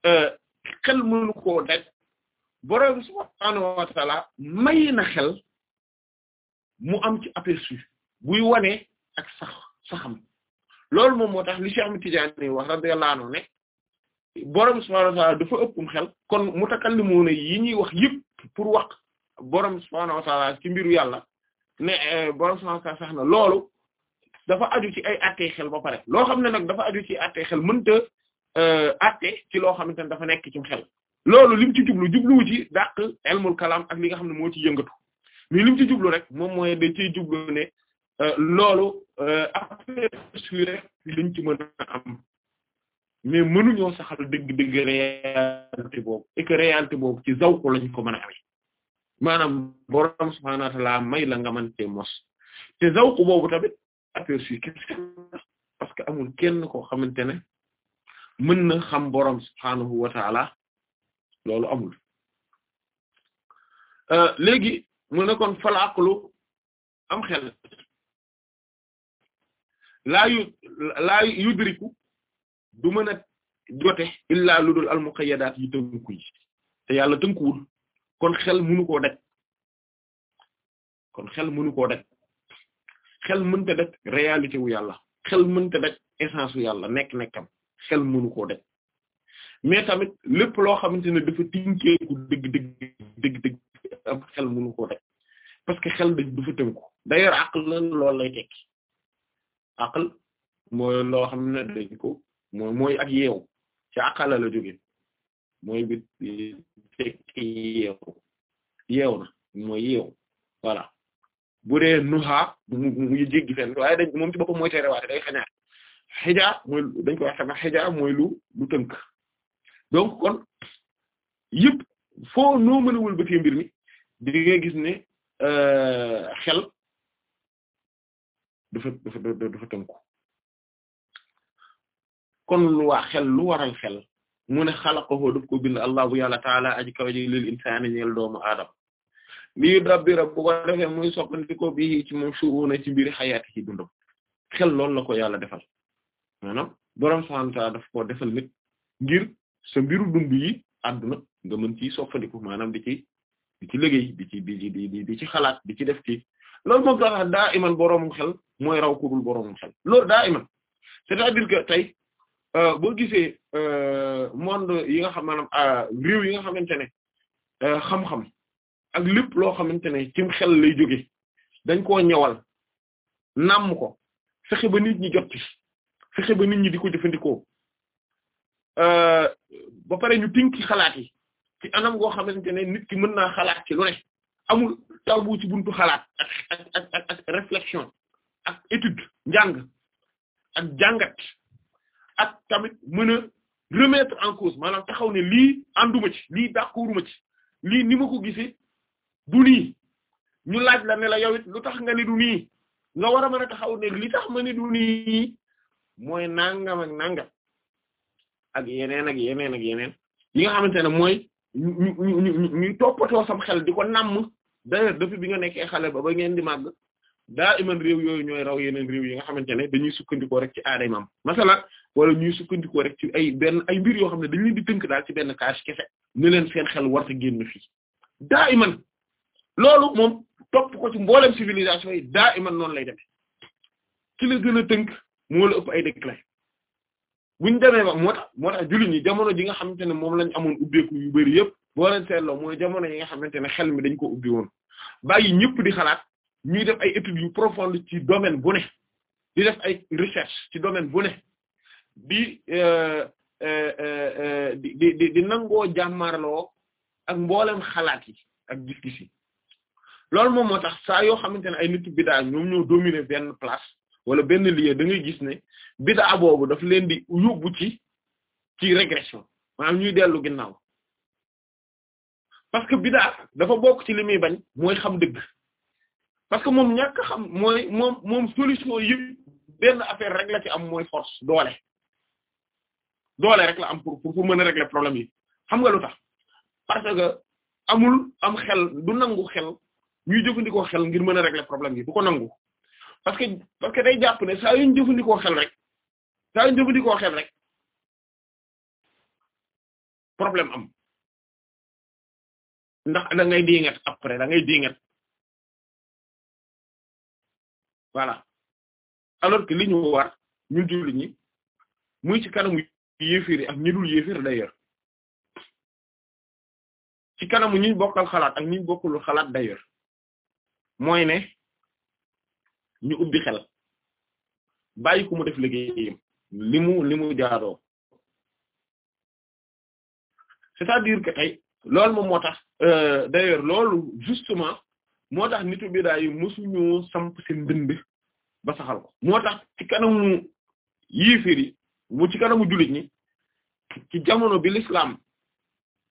euh, xel mënu koo daj borom bi subhaanahu wa ta'ala may na xel mu am ci aperçu buy wane ak sax saxam. loolu moom moo tax li Cheikh Ahmed Tidiane wax radiyallahu anhu ne borom subhaanahu wa ta'ala dafa ëppum xel kon mutakallimuna yi ñuy wax yëpp pour wax borom subhaanahu wa ta'ala ci mbiru yàlla ne eh, borom subhaanahu wa na loolu dafa aju ci ay àttee xel ba pare loo xam ne nag dafa aju ci àttee xel mënta eh, àtte ci loo xamante ne dafa nekk ci xel loolu lim ci jublu jubluwu ci dàq ilmul kalam ak li nga xam ne moo ci yëngatu mais lim ci jublu rek moom mooy da ciy jublu ne Euh, loolu euh, affaire suy rek liñ ci mën a am mais mënuñoo saxal dëgg-dëgg réalité boobu ci zawku lañ ko mën a amee maanaam borom subhaanahu wa may la nga mën cee mos te zawku boobu tamit affaire suy kese parce que amul kenn koo xamante ne mën na xam borom subhaanahu wa ta'aala loolu amul euh, léegi mu ne kon fal am xel laa yu laa yudriku du mën a jote illaa lu dul al muqayyadaat yu tënku yi te yàlla tënkuwul kon xel mënu koo daj kon xel mënu koo daj xel mënta daj réalité wu yàlla xel mënta daj essence wu yàlla nekk nekkam xel mënu koo daj mais tamit lépp loo xamante ne dafa tinkeeku dëgg dëgg dëgg xel mënu koo daj parce que xel dafa tënku d'ailleurs aql loolu lay tekki aql mooy loo xam ne dañ ko mooy ak yeew ci aqala la jóge mooy bi fekk yeew na mooy yeew voilà bu dee nuha mu jéggi fen waaye ci boppam mooy terewaate day xañaar xija mooy dañ ko wax lu lu tënk donc kon yëpp foo noo mën a wëlbatee mbir mi euh, xel dafa dafa dafa kon lu waa xel lu waral xel mu ne xalaqahu daf ko bind allah bu yàlla taala aji kaw ji lil insaani ñeel doomu aadama lii da bu ko defee muy soppandiko bi ci moom shu'una ci mbiri xayaati ci dundam xel loolu la ko yàlla defal maanaam borom subhaanahu wa ta'aala ko defal nit ngir sa mbiru dund yi àdduna nga mën ci soppandiku maanaam di ci di ci liggéey ci di di ci xalaat di ci def ci loolu moom tax daa iman boroomam xel mooy raw ku dul boroomam xel loolu daa iman cest à tey euh, boo gisee euh, monde yi nga xam maanaam euh, réew yi nga xamante ne xam-xam ak lépp loo xamante ne cim xel lay jóge dañ koo ñëwal nàmm ko fexe ba nit ñi jot ci fexe ba nit ñi di ko jëfandikoo ba pare ñu tinki xalaat yi ci anam goo xamante ne nit ki mën naa xalaat ci lu amul taw bu ci buntu xalaat ak ak étude njàng ak jàngat ak tamit mën a remettre en cause maanaam taxaw ne lii ànduma ci lii d'accorduma ci lii ni ma ko gisee du ñu laaj la ne la yow lu tax nga ni du nga war a mën a taxaw ne li tax ma ni du nii mooy nangam ak nangam ak yeneen ak yeneen ak yeneen yi nga xamante ne mooy ñu ñu ñu ñu toppatoo sam xel di ko d'ailleurs depuis bi nga nekkee xale ba ba ngeen di màgg daa iman réew yooyu ñooy raw yeneen réew yi nga xamante ne dañuy sukkandikoo rek ci aaday maam masala wala ñuy sukkandikoo rek ci ay benn ay mbir yoo xam ne dañu di tënk daal ci benn kaas kese ne leen seen xel warta génn fii daa iman loolu moom topp ko ci mboolem civilisation yi daa iman noonu lay demee ki la gën a tënk moo la ëpp ay déclin buñ demee ba moo tax moo tax jullit ñi jamono ji nga xamante ne moom lañ amoon ubbeeku yu bari yëpp boo leen seetloo mooy jamono yi nga xamante ne xel mi dañ ko ubbi woon bàyyi ñëpp di xalaat ñuy def ay études yu profondes ci domaine bu ne di def ay recherche ci domaine bu ne di euh, euh, euh, di di di nangoo jàmmarloo ak mboolem xalaat yi ak gis-gis yi loolu moom moo tax saa yoo xamante ne ay nit bidaa ñoom ñoo dominer benn place wala benn lieu da gis ne bidaa boobu daf leen di yóbbu ci ci régression maanaam ñuy dellu ginnaaw parce que bidaa dafa bokk ci li muy bañ mooy xam dëgg parce que moom ñàkk xam mooy moom moom solution yëpp benn affaire rek am mooy force doole doole rek la am pour pour mën a régler problème yi xam nga lu tax parce que amul am xel du nangu xel ñuy jëfandikoo xel ngir mën a régler problème yi du ko nangu parce que parce que day jàpp ne saa yu ñu xel rek saa yu ñu xel rek problème am ndax da ngay dingat après da ngay dingat voilà alors que li ñu war ñun jullit ñi muy ci kanamu yéefir ak ñi dul yéefir d'ailleurs ci kanamu ñi bokkal xalaat ak ñi bokkul mooy ne ñu ubbi xel bàyyi ku mu def liggéeyam li mu li mu c'est-à-dire que tey loolu moom moo tax euh, d'ailleurs loolu justement moo tax nitu bidaa yi mësuñoo samp seen dënd ba saxal ko moo tax ci kanamu yiifir yi mu ci kanamu jullit ñi ci jamono bi l'islam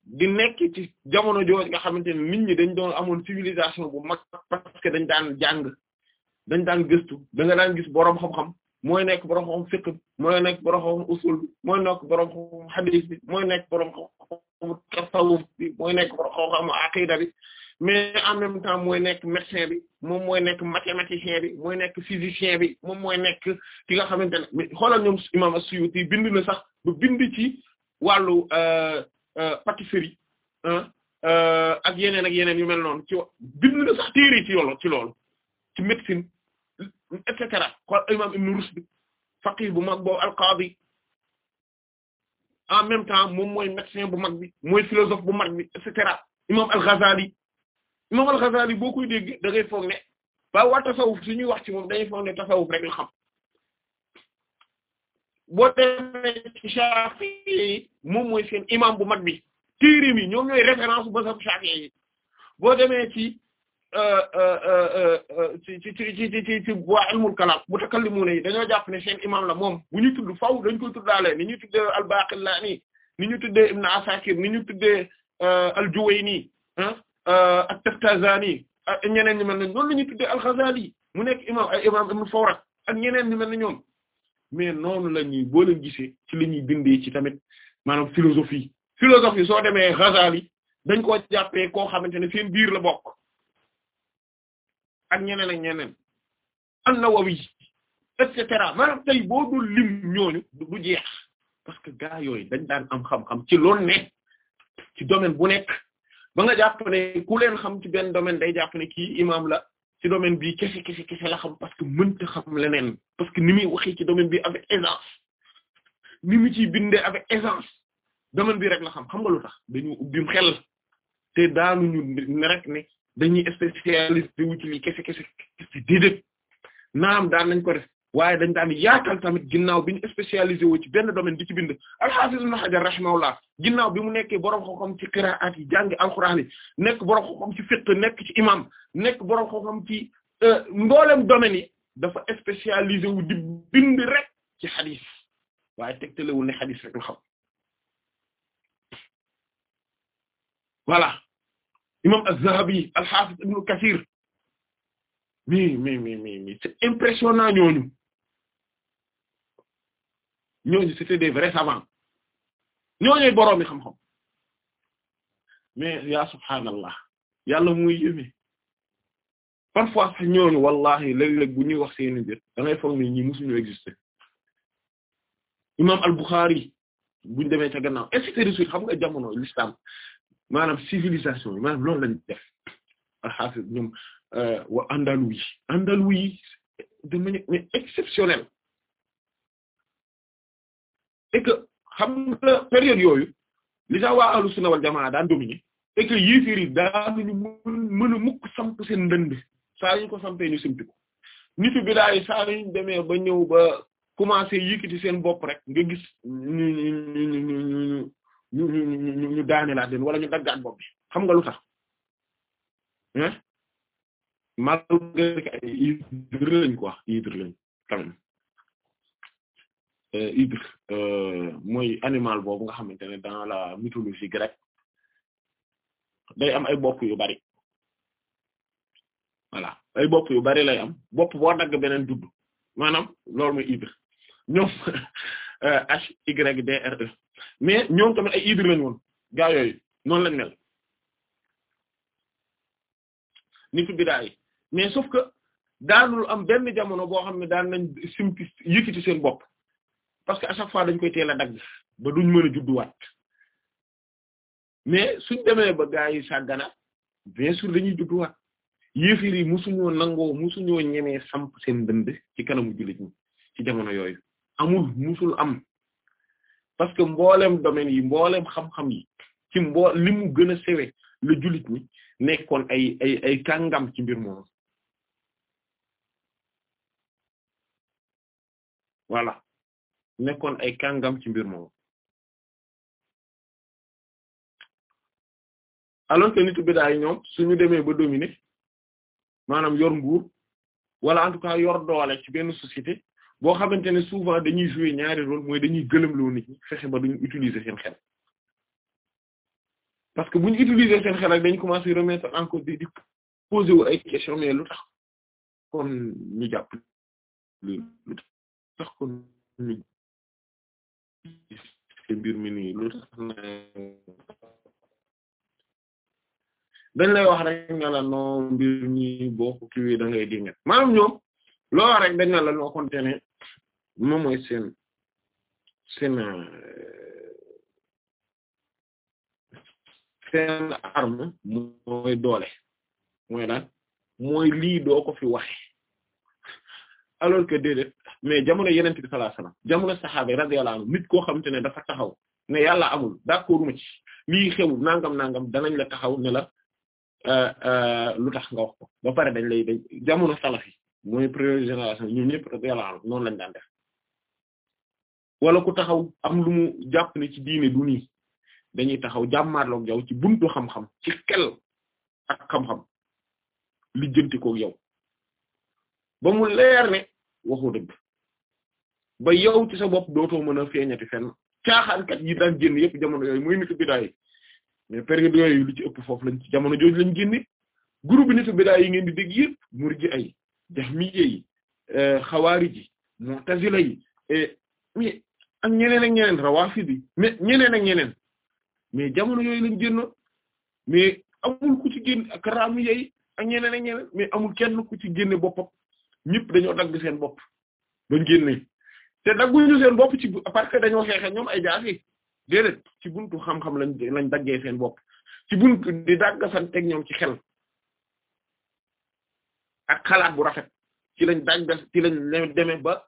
di nekk ci jamono jooju nga xamante ne nit ñi dañ doon amoon civilisation bu mag parce dañ daan jàng dañ daan gëstu da nga daan gis borom xam-xam mooy nekk boroom xam-xam mooy nekk borom xam usul bi mooy nekk borom xam hadith bi mooy nekk borom xam tasawuf mooy nekk borom xam aqida bi mais en même temps mooy nekk médecin bi moom mooy nekk mathématicien bi mooy nekk physicien bi moom mooy nekk ki nga xamante ne mais xoolal ñoom imam As-Suyuti bind na sax bu bind ci wàllu euh, euh, pâtisserie euh, ak yeneen ak yeneen yu mel noonu ci bind na sax téere ci yoolo ci loolu ci médecine et cetera imam Ibn Rushd faqih bu mag boobu alqaadi en même temps moom mooy médecin bu mag bi mooy philosophe bu mag bi et cetera imam al-Ghazali imam al-Ghazali boo koy dégg da ngay foog ne ba waa tasawuf su ñuy wax ci moom dañuy foog ne tasawuf rek la xam boo demee ci moom mooy seen imam bu mag bi téereem yi ñoom ñooy référence bu mazhab Shafi'i boo demee ci Euh, euh, euh, ci ci ci ci ci ci waa ilmul kalaam mutakallimuna yi dañoo jàpp ne seen imam la moom bu ñu tudd faw dañ koy tuddaale ni ñu tuddee al-Baqillani ni ñu tuddee Ibn Asakir ni ñu tuddee al-Juwayni ah at-Taftazani ak ñeneen ñu mel ne noonu la ñuy tuddee al-Ghazali mu nekk imam ay imam Ibn Fawrak ak ñeneen ñu mel ne ñoom mais noonu la ñuy boo leen gisee ci la ñuy dindee ci tamit maanaam philosophie philosophie soo demee Ghazali dañ ko jàppee koo xamante ne seen biir la bokk. ak ñeneen ak ñeneen an-Nawawi et cetera maanaam tey boo dul lim ñooñu du jeex parce que gaa yooyu dañ daan am xam-xam ci loolu ne ci domaine bu nekk ba nga jàpp ne ku leen xam ci benn domaine day jàpp ne kii imaam la ci domaine bi kese kese la xam parce que mënta xam leneen parce que ni muy waxee ci domaine bi avec aisance ni mu ciy bindee avec aisance domaine bi rek la xam xam nga lu tax dañu ubbi xel te daanu ñu ne rek dañuy spécialisé wu ci lii kese kese kese déedéet naam daan nañ ko def waaye dañ daan yaatal tamit ginnaaw bi ñu wu ci benn domaine di ci bind al-Hafiz Ibn Hajar rahimahullah ginnaaw bi mu nekkee borom xam-xam ci qiraat yi jàngi nekk borom xam ci fiqh nekk ci imam nekk borom xam ci euh, mboolem domaine yi dafa spécialisé wu di bind rek ci xadis waaye tegtalewul ne xadis rek la xam voilà. imam Az-Zahabi al-Hafiz Ibn Kathir mi mi mi mi c'est impressionnant ñooñu ñooñu c'était des vrais savants ñooñu boroomi xam-xam mais yaa subhaanallah yàlla muy yéeme parfois sax ñooñu wallahi léeg-léeg bu ñuy wax seeni ñu da ngay foog ni ñi musuñu exister imam Al-Bukhari buñ demee ca gannaaw et cetera xam nga jamono l'islam maanaam civilisation yi maanaam loolu lañ def alxaafis ñoom euh, wa andalu yi andalu yi de manière exceptionnelle période yooyu li sax waa ahlu wal jamaa daan dominer et que yéefir yi daanuñu mën a mukk samp seen ndënd saa ñu ko sampee ñu simpi ko nitu bidaa saa ñu demee ba ñëw ba commencé yëkkati seen bopp rek nga gis ñu ñu ñu ñu ñu ñu ñu daaneelaat leen wala ñu daggaat bopp bi xam nga lu tax ah lañ quoi hydre lañ quand même euh, hydre euh, mooy animal boobu nga xamante ne dans la mythologie grecque day am ay bopp yu bari voilà ay bopp yu bari lay am bopp boo dagg beneen dudd maanaam loolu mooy hydre ñoom euh, H Y D E mais ñoom tamit ay idir lañ woon gaa yooyu noonu lañ mel nitu bidaa yi mais sauf que daanul am benn jamono boo xam ne daan nañ simpi yëkkati seen bopp parce que à chaque fois dañ koy teel a dagg ba duñ mën a judduwaat mais suñ demee ba gaa yi sàggana bien sûr dañuy judduwaat yéefir yi musuñoo nangoo musu musuñoo ñemee samp seen dënd ci kanamu jullit ñi ci jamono yooyu amul musul am parce que mbooleem domaines yi mbooleem xam-xam yi ci mboo li mu gën a sewe la jullit ñi nekkoon ay ay ay kàngam ci mbir moomu voilà nekkoon ay kàngam ci mbir moomu alors que nitu bidaa yi ñoom suñu demee ba dominer maanaam yor nguur wala en tout yor doole ci benn société boo xamante ne souvent dañuy jouer ñaari rôle mooy dañuy gëlëmloo nit ñi fexe ba duñu utiliser seen xel parce que bu ñu utiliser seen xel ak dañu commencer remettre en mi nii dañ lay wax rek nga mbir ñi boo ko kiiwee da ngay dinga maanaam ñoom loo rek dañ na moom mooy seen eh, seen seen arme mooy doole mooy daal mooy lii doo ko fi waxe alors que déedéet mais jamono yeneen bi sallallahu alayhi wasallam jamono saxaaba radiyallahu anhu nit koo xamante ne dafa taxaw ne yàlla amul d'accord mu ci lii xewul nangam nangam dalañ la taxaw ne la eh, eh, lu tax nga wax ko ba pare dañ lay dañ jamono salaf yi mooy première génération ñun ñëpp radiyallahu noonu lañ daal def wala ku taxaw am lu mu jàpp ne ci diine du nii dañuy taxaw jàmmaarloog yow ci buntu xam-xam ci xel ak xam-xam lijjanti koog yow ba mu leer ne waxu dëgg ba yow ci sa bopp dootoo mën a feeñati fenn caaxaankat yi daan génn yëpp jamono yooyu mooy nitu bidaa yi mais période yooyu lu ci ëpp foofu lañ ci jamono jooju lañ génne groupe nitu bidaa yi ngeen di dégg yëpp murji ay jahmiye yi xawaarij euh, yi mu'tazila yi mais ak ñeneen a ñeneen rawaafidi mais ñeneen ak ñeneen mais jamono yooyu lañ génn mais amul ku ci génn ak raamu yey ak ñeneen ak ñeneen mais amul kenn ku ci génne boppam ñëpp dañoo dagg seen bopp bañ génne te dagguñu seen bopp ci parce que dañoo xeexe ñoom ay jaasi déedéet ci buntu xam-xam lañ lañ daggee seen bopp ci buntu di dagg san teg ñoom ci xel ak xalaat bu rafet ci lañ dagg ci lañ demee ba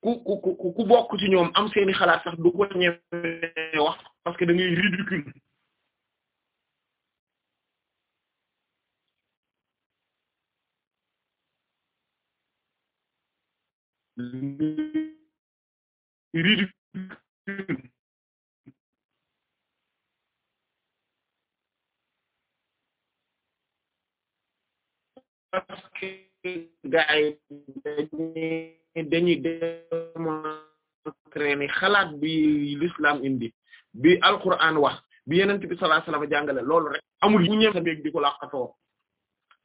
ku ku ku bokk ci ñoom am seeni xalaat sax du wax parce que da ngay ridicule parce que gaay dañuy démontrer ni xalaat bi l'islam indi bi alquran wax bi yenent bi sallallahu alayhi wasallam jàngale loolu rek amul u ñëw sa beeg di ko laqatoo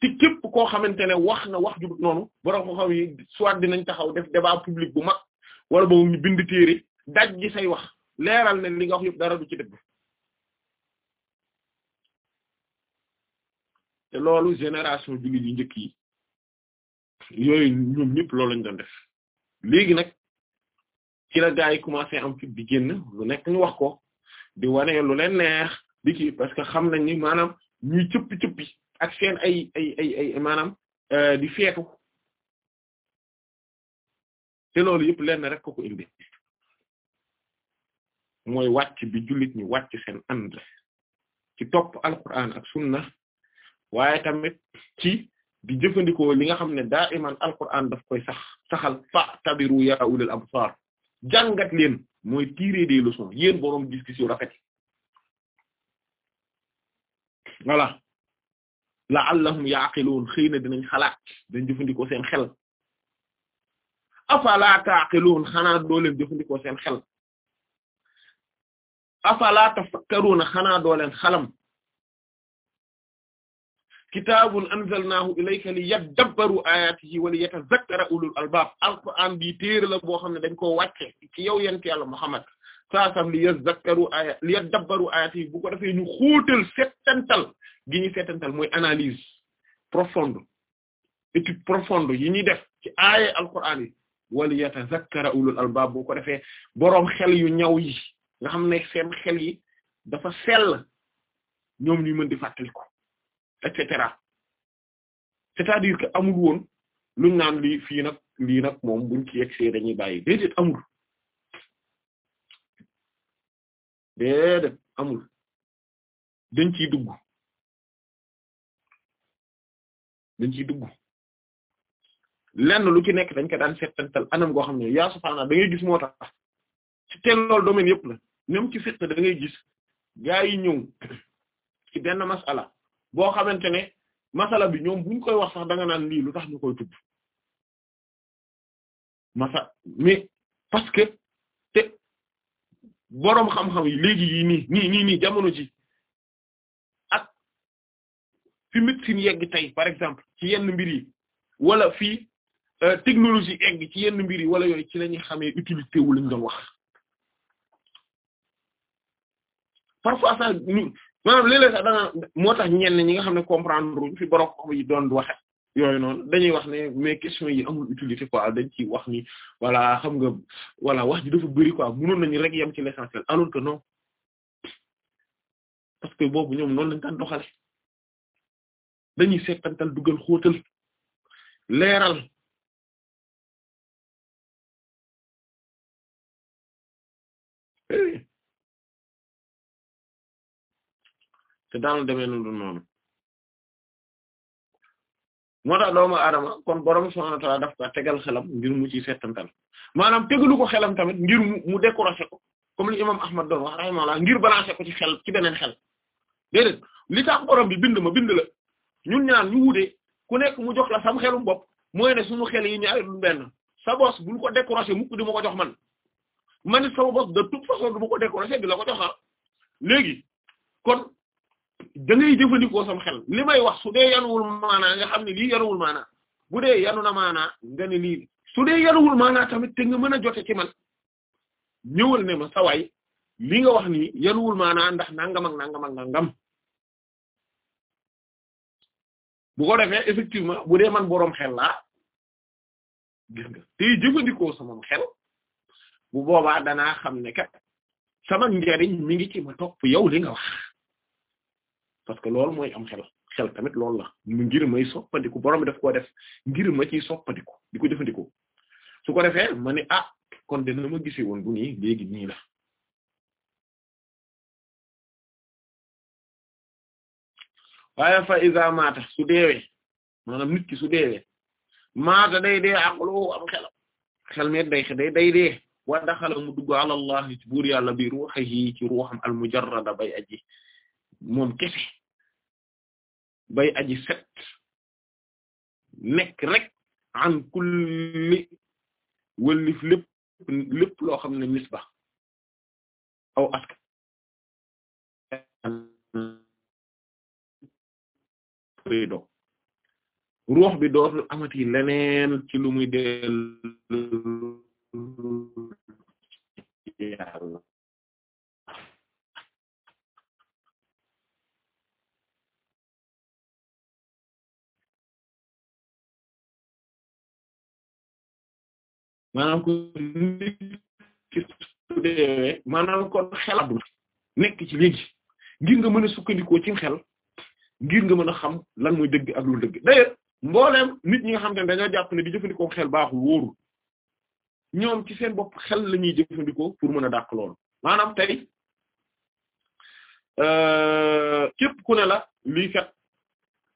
ci képp koo xamante ne wax na wax ju noonu borom ko xam yi soit dinañ taxaw def débat public bu mag wala boobu ñu bind téere daj gi say wax leeral ne li nga wax yëpp dara du ci dëgg te loolu génération jullit yi yooyu ñoom ñëpp loolu lañ doon léegi nag ci yi commencé am fit di génn lu nekk ñu wax ko di wane lu leen neex di parce que xam nañ ni maanaam ñuy cëppi cëppi ak seen ay ay ay ay maanaam euh, di feetu te loolu yëpp lenn rek ko ko indi mooy wàcc bi jullit ñi wàcc seen ànd ci topp Alquran ak sunna waaye tamit ci di jëfandikoo li nga xam ne daa iman alquran daf koy sax saxal fa tabiru ya ulul absar jàngat leen mooy tirer des leçons yéen boroom gis-gis yu rafet voilà la'allahum ya'qilun xëy na dinañ xalaat dañ jëfandikoo seen xel afala ta'qilun xanaa doo leen jëfandikoo seen xel afala tafakkaruna xanaa doo leen xalam kitaabun anzalnaahu ya li yaddabbaru ayaatihi wa li yatazakkara ulul albaab alquraan bi téere la boo xam ne dañ koo wàcce ci yow yent yàlla Muhammad saasam li yazakkaru aya li yaddabbaru bu ko defee ñu xóotal settantal gi ñu settantal mooy analyse profonde étude profonde yi ñuy def ci aaya alquraan yi wa li yatazakkara ulul albaab bu ko defee boroom xel yu ñaw yi nga xam ne seen xel yi dafa sell ñoom ñu mën di fàttali et cetera c'est-à-dire que amul woon lu ñu naan lii fii nag lii nag moom buñ ci yegsee dañuy bàyyi déedéet amul déedéet amul dugg dañ ciy dugg lenn lu ci nekk dañ ko daan anam goo xam ne yaa subhaanallah da gis moo tax ci teel loolu domaine yëpp la ñoom ci fekk da gis gaa yi ñëw ci benn masala boo xamante ne masala bi ñoom buñ koy wax sax da nga naan lii lu tax ñu koy tudd masa parce que te boroom xam-xam yi léegi yii nii nii nii nii jamono ji ak fi médecine yegg tey par exemple ci yenn mbir yi wala fii euh, technologie egg ci yenn mbir yi wala yooyu ci la ñuy xamee utilité wu lañ doon wax parfois sax maanaam léeg-léeg moo tax ñenn ñi nga xam ne comprendre ruñ fi borom xam yi doon waxe yooyu noonu dañuy wax ne mais question yi amul utilité quoi dañ ci wax ni wala xam nga wala wax ji dafa bëri quoi mënoon nañu rek yem ci l'essentiel alors que non parce que boobu ñoom noonu lañ daan doxale dañuy seetantal dugal xóotal leeral eh. te daanu demee na du noonu moo tax doomu aadama kon borom subhaanahu wa ta'aala daf ko tegal xelam ngir mu ciy settantal maanaam tegalu ko xelam tamit ngir mu mu décourager ko ngir balancer ko ci xel ci beneen xel déedéet li tax borom bi bind ma bind la ñun ñaan ñu wuute ku nekk mu jox la sam xelum bopp mooy ne suñu xel yi ñaari du sa bos bul ko décourager mukk di ma ko jox man man it bos de toute façon du ma ko décourager di la ko jox ah. léegi kon da ngay jëfandikoo sam xel li may wax su dee yanuwul maanaa nga xam ne lii bu dee yanu na maanaa nga ne lii su dee yanuwul maanaa tamit te nga mën a jote ci man ñëwal ne ma sawaay li nga wax nii yanuwul maanaa ndax nangam ak nangam ak nangam bu ko defee effectivement bu man boroom xel laa gis nga tey jëfandikoo sama xel bu boobaa danaa xam ne kat sama njariñ mi ngi ci ma topp yow li nga wax parce que loolu mooy am xel xel tamit loolu la ngir may soppandiku borom bi daf koo def ngir ma ciy soppandiku di ko jëfandiku su ko defee ma ne ah, kon de na ma gisee woon bu nii léegi nii la waaye fa iza maata su deewee nit ki su deewee maata day dee aqlu am xelam xel mi day day day dee wa daxala mu dugg ala allah buur yàlla bi ruuxihi ci ruuxam al mujarrada bay aji moom kese bay aji set nekk rek an kulli wëllif lépp lépp loo xam ne misba aw aska do ruux bi dootul amati leneen ci lu muy maanaam ko su maanaam kon xel àdduna nekk ci léegi ngir nga mën a sukkandikoo ci xel ngir nga mën a xam lan mooy dëgg ak lu dëgg d'ailleurs mbooleem nit ñi nga xam te ne dañoo jàpp ne di jëfandikoo xel baaxul wóorul ñoom ci seen bopp xel lañuy jëfandikoo pour mën a dàq loolu maanaam tey euh, képp ku ne la lii kat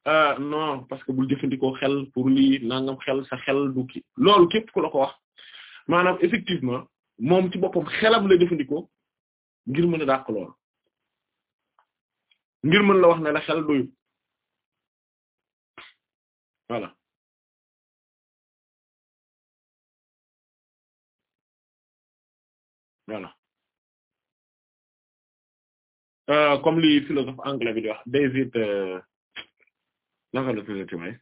euh, non parce que bul jëfandikoo xel pour lii nangam xel sa xel du ki loolu képp ku la ko wax maanaam effectivement moom ci boppam xelam la jëfandikoo ngir mën a dàq ngir mën la wax ne la xel doyul voilà voilà euh, comme philosophe anglais bi di wax David naka la tuddati may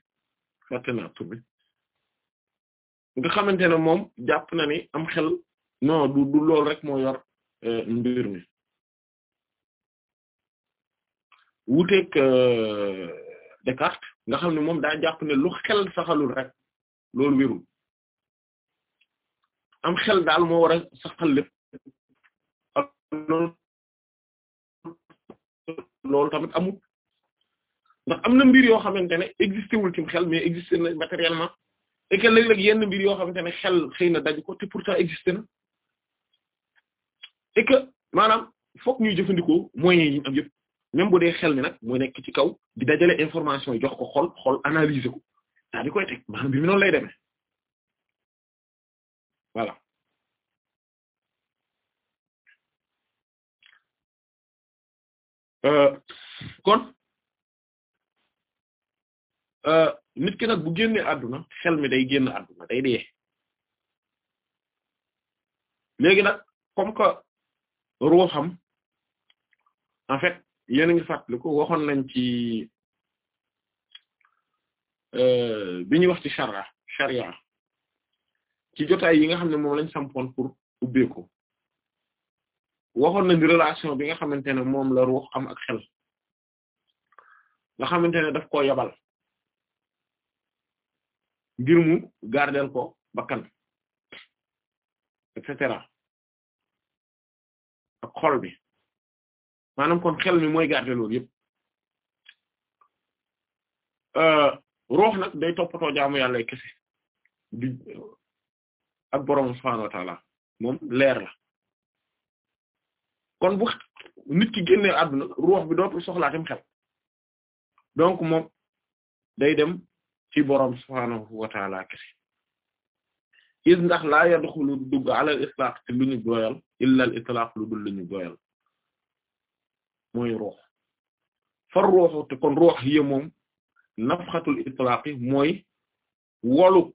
nga xamante ne moom jàpp na ni am xel non du du lool rek moo yor euh, mbir mi wuuteeg euh, nga xam ne moom daa jàpp ne lu xel saxalul rek loolu wérul am xel daal moo war a saxal lépp ak tamit amul ndax am na mbir yoo xamante ne existé wul ci xel mais existé matériellement et que léeg-léeg yenn mbir yoo xamante ne xel xëy na daj ko te pourtant existé na et que maanaam fokk ñuy jëfandikoo moyens yi am yëpp même bu dee xel ni nag mooy nekk ci kaw di dajale information yi jox ko xol xol analyser ko daal di koy mbir mi noonu lay demee voilà euh, kon euh, nit ki nag bu génnee àdduna xel mi day génn àdduna day dee léegi nag comme que ruuxam en fait yéen a ngi fàttaliku waxoon nañ ci euh, bi ñuy wax ci charia charia ci jotaay yi nga xam ne moom lañ sampoon pour ubbeeku waxoon nañ relation bi nga xamante ne moom la ruux am ak xel nga xamante ne daf koo yabal ngir mu gardeel ko bakkan et cetera xol bi maanaam kon xel mi mooy garder loolu yëpp euh, ruux nag day toppatoo jaamu yàlla kese di ak borom subhaanahu wa ta'ala moom leer la kon bu nit ki génnee àdduna ruux bi dootul soxlaatam xel donc moom day dem ci borom subhaanahu wa kese is ndax laa yadxulu dugg alal itlaq te lu doyal illa itlaq lu dul lu doyal mooy ruux far ruuxu te kon ruux yi moom nafxatul itlaq mooy wolu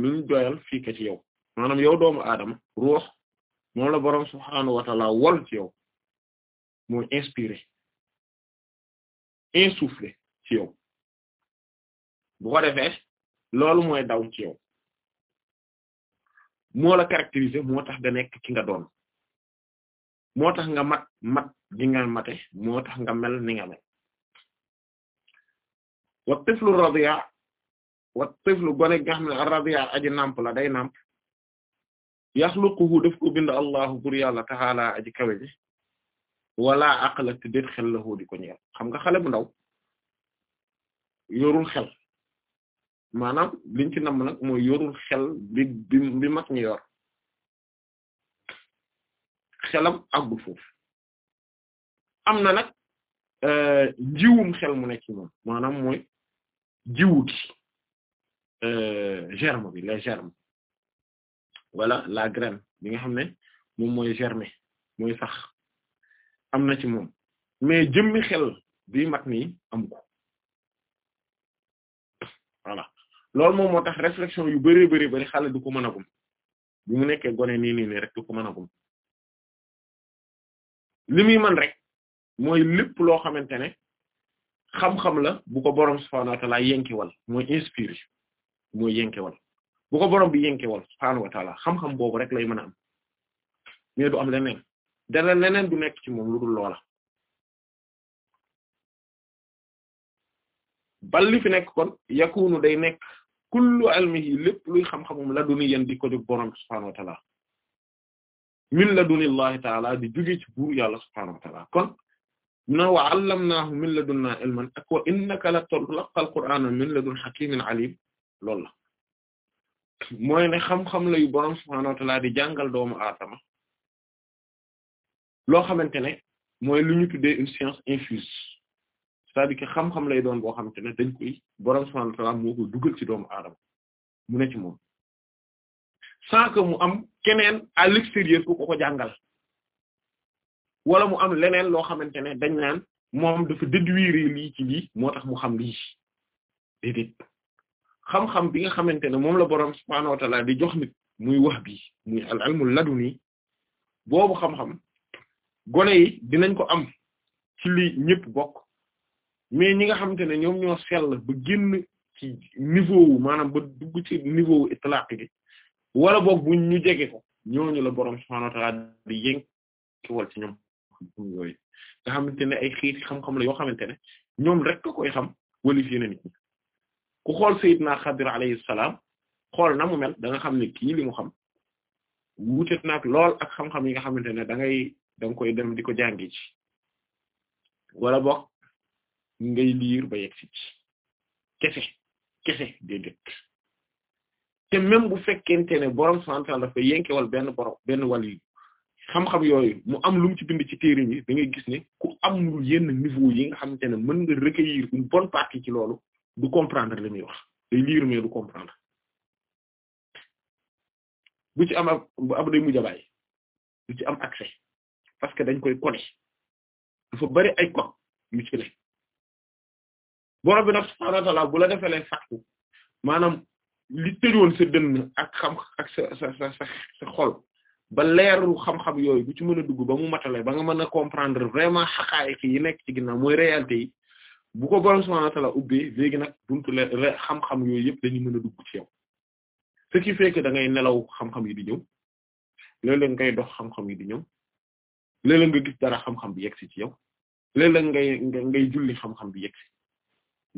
lu doyal fii ka ci yow maanaam yow doomu aadama ruux moom la borom subhaanahu wa wol ci yow mooy inspiré insufflé ci yow bu ko defee loolu mooy daw ci yow moo la caractériser tax nga nekk ki doon moo tax nga mat mat gi nga mate mel ni nga mel wa tiflu radiya wa tiflu gone gi nga xam ne radiya aji namp la day namp yaxluquhu daf ko bind allahu bur yàlla taala aji kawe wala aqla te xel la di ko ñeel xam nga xale bu ndaw yorul xel maanaam liñ ci mooy yorul xel bi bi bi mag ñi yor xelam àggul foofu am na nag euh, jiwum xel mu nekk ci moom maanaam mooy jiwu gi euh, germe bi les germes wala la graine bi nga xam ne moom mooy germer mooy sax am na ci moom mais jëmmi xel bi mag mi am ko voilà loolu moom moo tax réflexion yu bëree bëri bëri xale du ko mën a gum bi mu nekkee gone nii nii nii rek du ko mën a gum li muy man rek mooy lépp loo xamante ne xam-xam la bu ko boroom subhaanahu wa ta'ala yenkewal mooy inspiré bu ko boroom bi yenkewal subhaanahu wa ta'ala xam-xam boobu rek lay mën a am mais du am leneen dara leneen du nekk ci moom lu dul loola bal li fi nekk kon yakunu day nekk kullu ilmihi lépp luy xam-xamum laduniyan di ko jóg borom subhaanahu wa ta'ala min ladunillahi ta'ala di jóge buur yàlla subhaanahu wa ta'ala kon na wa 'allamnaahu min ladunnaa ilman ak wa innaka latulqal qur'aana min ladun hakiimin 'aliim loolu la mooy ne xam-xam la borom subhaanahu wa di jàngal doomu aadama loo xamante ne mooy lu ñu tuddee une science infuse c'est-à-dire que xam-xam lay doon boo xamante ne dañ koy borom subhaanahu wa ta'aala moo koy dugal ci doomu mu ne ci moom sans mu am keneen à l'extérieur ku ko jàngal wala mu am leneen loo xamante ne dañ naan moom dafa déduire li ci lii moo tax mu xam lii déedéet xam-xam bi nga xamante ne moom la borom subhaanahu la di jox nit muy wax bi muy al ilmu laduni boobu xam-xam gone yi dinañ ko am ci li ñëpp bokk. mais ñi nga xamante ne ñoom ñoo sell ba génn ci niveau wu maanaam ba dugg ci niveau wu gi wala boog buñ ñu jege ko ñooñu la boroom subhaanahu wa ta'aala di yëngu ci wol ci ñoom nga xamante ne ay xeeti xam-xam la yoo xamante ne ñoom rek ko koy xam wala yeneen nit ñi ku xool Seydina Xadir xool na mu da nga xam ne kii li mu xam wuute nag lool ak xam-xam yi nga xamante ne dangay dang koy dem di ko jàngi ci wala boog ngay liir ba yegg si ci kese kese déedéet te même bu fekkente ne borom santal dafa yenkewal benn borom benn wàll xam-xam yooyu mu am lu mu ci bind ci téere yi da gis ne ku am yenn niveau yi nga xamante ne mën nga recueillir une bonne partie ci loolu du comprendre li muy wax day lire mais du comprendre bu ci am bu am day mujj a ci am accès parce que dañ koy code dafa bari ay code yu ci ne borom bi nag subhaanahu wa ta'aala bu la defalee fatku maanaam li tëjoon sa dënn ak xam ak xol ba leeru xam-xam yooyu bu ci mën a dugg ba mu matale ba nga mën a comprendre vraiment xaqaayiq yi nekk ci ginnaaw mooy réalité yi bu ko borom subhaanahu wa léegi nag buntu leer xam-xam yooyu yëpp dañuy mën a dugg ci yow ce qui fait que da nelaw xam-xam yi di ñëw léeg-léeg ngay dox xam-xam yi di ñëw léeg-léeg nga gis dara xam-xam bi yegg si ci yow léeg-léeg ngay ngay julli xam-xam bi yegg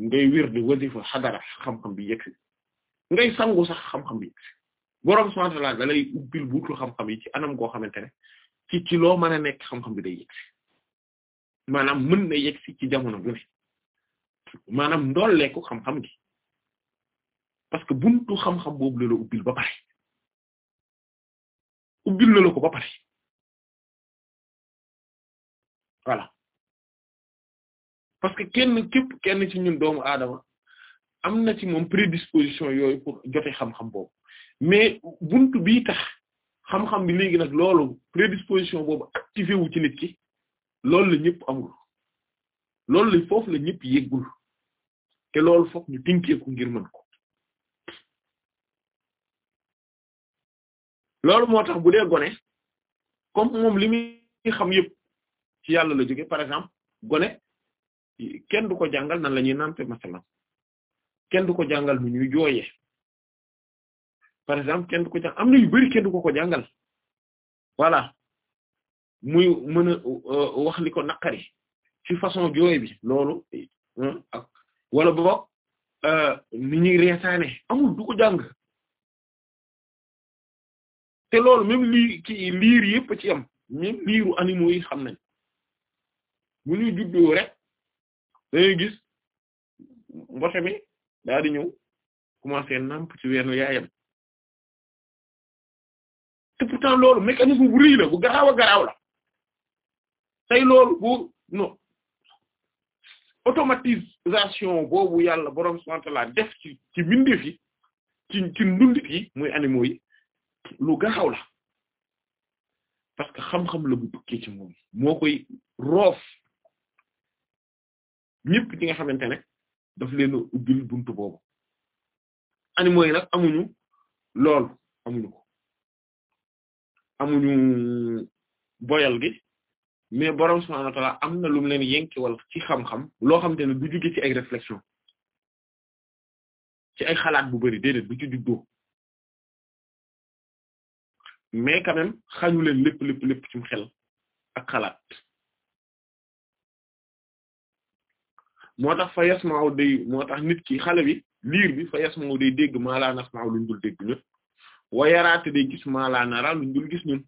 ngay wir di wasifa xadara xam-xam bi yegg si ngay sangu sax xam-xam bi yegg si boroom subhanahu wa ta'ala da lay ubbil xam-xam yi ci anam goo xamante ci loo mën a nekk xam-xam bi day yegg si maanaam mën na yegg si ci jamono bu ne maanaam ndolleeku xam-xam gi parce que buntu xam-xam boobu la la ubbil ba pare ubbil na la ko ba pare voilà parce que kenn képp kenn ci ñun doomu aadama am na ci moom prédisposition yooyu pour jote xam-xam boobu mais bunt bi tax xam-xam bi léegi nag loolu prédisposition boobu activé wu ci nit ki loolu la ñëpp amul loolu la foofu la ñëpp yëggul te loolu fokk ñu tinkeeku ngir mën ko loolu moo tax bu dee gone comme moom li muy xam yëpp ci yàlla la jóge par exemple gone kenn du ko jàngal nan la ñuy nàmpe masalan kenn du ko jàngal nu ñuy jooyee par exemple kenn duko ko jàng am na yu bari kenn du ko ko jàngal muy mën a euh, wax li façon jooy bi loolu ak wala boog euh, ni ñuy reetaane amul du ko jàng te loolu même lii ci liir yëpp ci am même liiru animaux yi xam nañ bu ñuy juddoo rek dangay gis mbote mi daal ñëw commencé namp ci weenu yaayam te pourtant loolu mécanisme bu rëy la bu garaaw la tey loolu bu non automatisation boobu yàlla boroom subhanahu wa ta'ala def ci ci mbindeef yi ci ndundit yi muy animaux yi lu garaaw la parce que xam-xam la bu tukkee ci moom moo koy roof ñëpp ci nga xamante ne daf leen a ubbil buntu boobu animaux yi nag amuñu loolu amuñu ko amuñu boyal gi mais borom subhaanahu am na lu mu leen yenkewal ci xam-xam loo xamante ne du jóge ci ay réflexion ci ay xalaat bu bari déedéet du ci juddoo mais quand même leen lépp lépp lépp ci xel ak xalaat. moo tax fa yasma'u day moo tax nit ki xale bi liir bi fa yasma'u day dégg maa laa nasma'u luñ dul dégg ñun wa yaraate day gis maa laa nara luñ dul gis ñun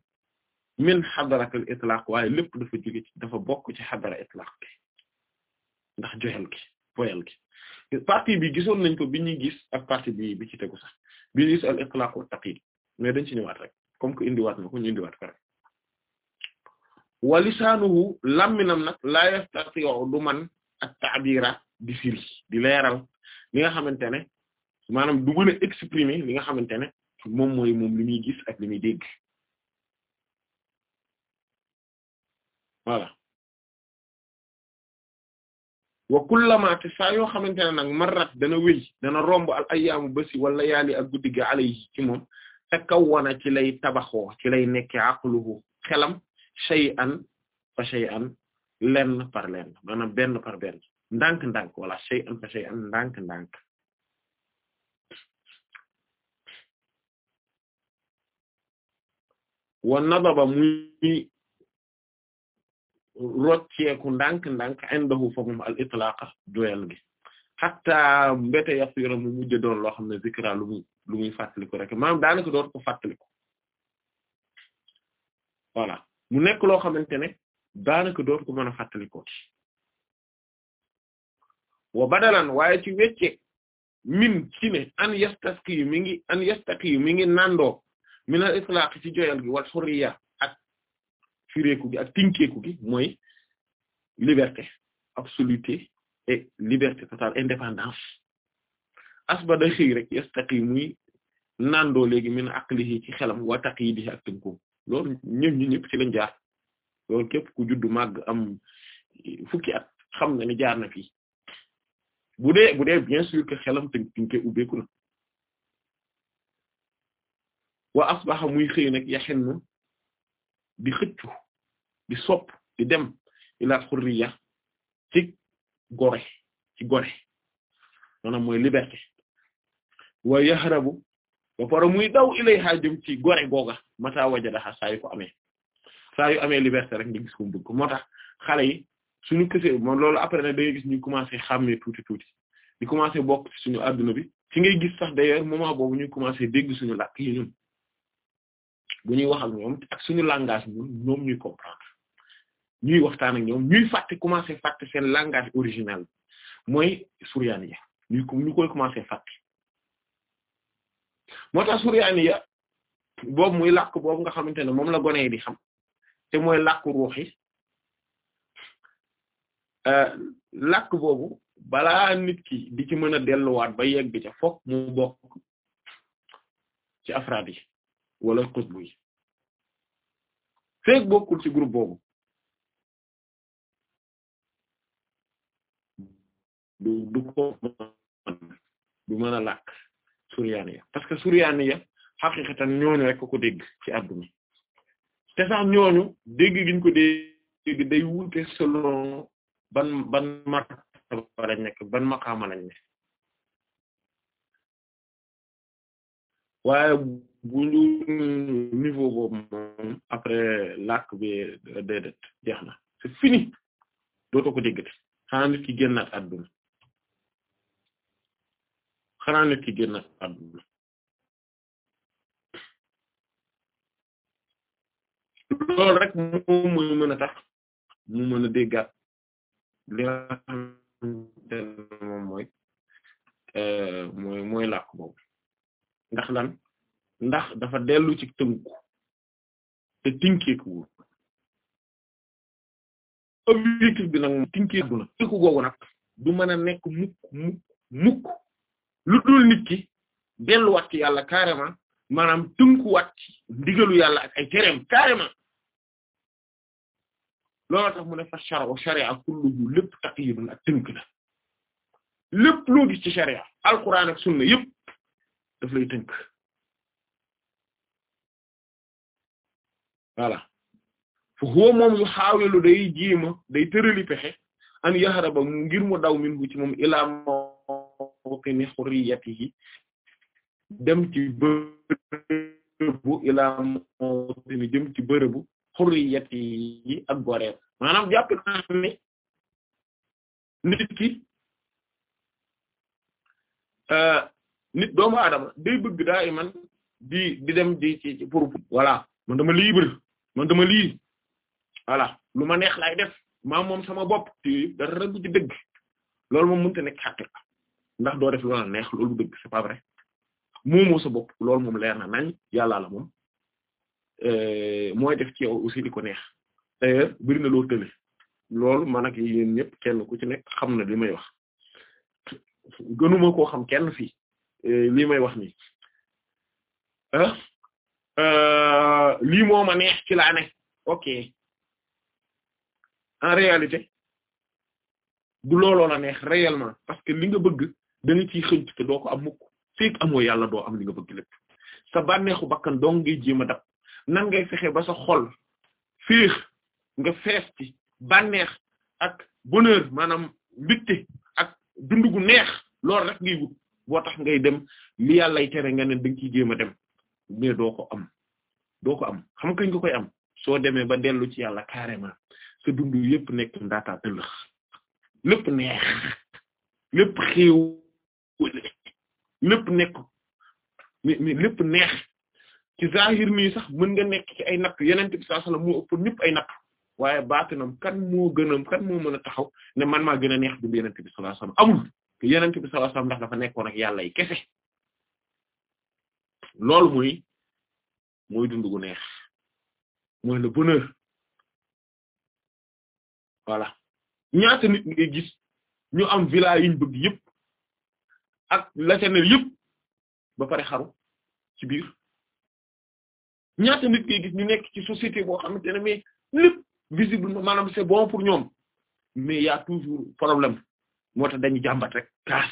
min xadaratul itlaq waaye lépp dafa jóge ci dafa bokk ci xadara itlaq bi ndax joyal gi boyal gi partie bi gisoon nañ ko bi ñuy gis ak partie bi bi ci tegu sax bi ñuy gis al itlaq wa taqid mais dañ ci ñëwaat rek comme que indiwaat na ko ñu indiwaat ko rek wa lisaanuhu làmminam nag la yastati'u du man ak taabiraat di firi di leeral li nga xamante ne maanaam du mën a exprimer li nga xamante ne moom mooy moom li muy gis ak li muy dégg wa kullama te saa yoo xamante ne nag marrat dana wéy dana romb al ayyaamu basi wala yaali ak guddi ga alayhi ci moom takawwana ci lay tabaxoo ci lay nekke aqluhu xelam shay'an fa shay'an lenn par lenn maanaam benn par benn ndànk-ndànk wala shay'an fa shay'an ndànk-ndànk wa nadaba muy rocceeku ndànk-ndànk indahu fa moom al itlaqa doyal gi xatta mbete yasira mu mujj doon loo xam ne zikra lu muy lu rek maanaam daanaka doon ko fàttaliku mu nekk loo xamante ne daanaka dootu ko mën a fàttalikooti wa badalan waaye ci wecce min ci an yastaqi mi ngi an yastaqi yu mi ci joyal gi wal hurriya ak fireeku gi ak tinkeeku gi mooy liberté absoluté et liberté totale indépendance asba da rek yastaqi muy nandoo léegi min aqlihi ci xelam wa taqidihi ak tënkoom loolu ñëpp ñu ci lañ jaar loolu képp ku juddu màgg am fukki at xam na ni jaar na fii bu dee bu dee bien sûr que xelam te tënke ubbeeku na wa asbaxa muy xëy nag yaxin na di xëccu di sopp di dem ila xurriya ci gore ci gore maanaam mooy liberté wa yahrabu ba pare muy daw ilay xaajum ci gore googa mata wajadaxa saa yu ko amee saa yu amee liberté rek nga gis ko mu moo tax xale yi suñu kësee moom loolu après nag da gis ñu commencé xàmmee tuuti tuuti di commencé bokk suñu adduna bi ci ngay gis sax d'ailleurs moment boobu ñu commencé dégg suñu làkk yi ñuy wax ak ñoom suñu langage ñun ñoom ñuy comprendre ñuy waxtaan ak ñoom ñuy fàtte commencé fàtte seen langage original mooy suryaan ya ñu ñu koy commencé fàtte moo tax suryaan ya boobu muy làkk boobu nga xamante ne moom la gone yi di xam te mooy làkk ruux yi euh, làkk boobu balaa nit ki di ci mën a delluwaat ba yegg ca fokk mu bokk ci afraad yi wala xutbu yi feek bokkul ci groupe boobu du mën a làkk suryaani ya parce que suryaani ya xaqiqatan ñooñu rek ko dégg ci àdduna te sax ñooñu dégg giñ ko dégg day wute selon ban ban martaba lañ nekk ban maqaama lañ nekk waaye bu ñu niveau boobu moom après làkk bi déedéet jeex na c'est fini dootoo ko déggati xanaa nit ki génnaat àdduna xanaa nit ki génnaat àdduna loolu rek moom mooy mën a tax mu mën a déggaat moom euh, mooy mooy làkk boobu ndax lan ndax dafa dellu ci tënku te tinkeekuwul objectif nag moom tinkeeku na tinkeeku googu nag du mën a nekk mukk mukk mukk lu dul nit ki delluwaat ci yàlla carrément maanaam tënkuwaat ci ndigalu yàlla ay tereem carrément loolu tax mu ne fa charia charia kulluhu lépp taqyidun ak tënk la lépp loo gis ci charia alquran ak sunna yëpp daf lay tënk voilà fa huwa moom yu day jiima day tërali pexe an yahraba ngir mu daw minhu ci moom ilaa mawqini hurriyatihi dem ci bërëbu ilaa mawqini jëm ci bërëbu xurriyati yi ak goreem maanaam jàpp naa ne nit ki euh, nit doomu aadama day bëgg daa iman di di dem di ci ci pour voilà man libre man dama lii voilà lu ma neex lay def maa moom sama bopp ci dara du ci dëgg loolu moom mënut a nekk ndax doo def lu la neex loolu dëgg c'est pas vrai moomoo sa bopp loolu moom leer na nañ yàlla la moom Euh, mooy def ci yow li ko neex d'ailleurs na loo tële loolu man ak yéen ñëpp kenn ku ci nekk xam na li may wax gënuma koo xam kenn fii euh, lii may wax nii ah, euh, lii moo ma neex ci laa ne ok en réalité du looloo la neex réellement parce que li nga bëgg da nga ciy xënc te am mukk fekk amoo yàlla doo am li nga bëgg lépp sa bànneexu bakkan dong ngay jéem a dab nan ngay fexe ba sa xol fiix nga fees ci bànneex ak bonheur maanaam mbégte ak dund gu neex loolu rek ngay boo tax ngay dem li yàllay tere nga ne da nga ciy a dem mais doo ko am doo ko am xam kañ nga koy am soo demee ba dellu ci yàlla carrément sa dund yëpp nekk ndaataa tëllëx lépp neex lépp xéew lépp nekk mais mais lépp neex ci zahir nii sax mën nga nekk ay natt yeneen bi sallallahu mu wasallam moo ay natt waaye baatinam kan moo gënam kan moo mën a taxaw ne man maa gën a neex dund yeneen bi sallallahu alayhi wasallam amul te yeneen bi sallallahu alayhi wasallam ndax dafa ak yàlla yi kese loolu mooy mooy dund gu neex mooy le bonheur voilà ñaata nit ngay gis ñu am villa yiñ bëgg yëpp ak la ba pare xaru ci ñaata nit koy gis ñu nekk ci société boo xamante ne mi lépp visible maanaam c'est bon pour ñoom mi y toujours problème moo tax dañu jàmbat rek kaas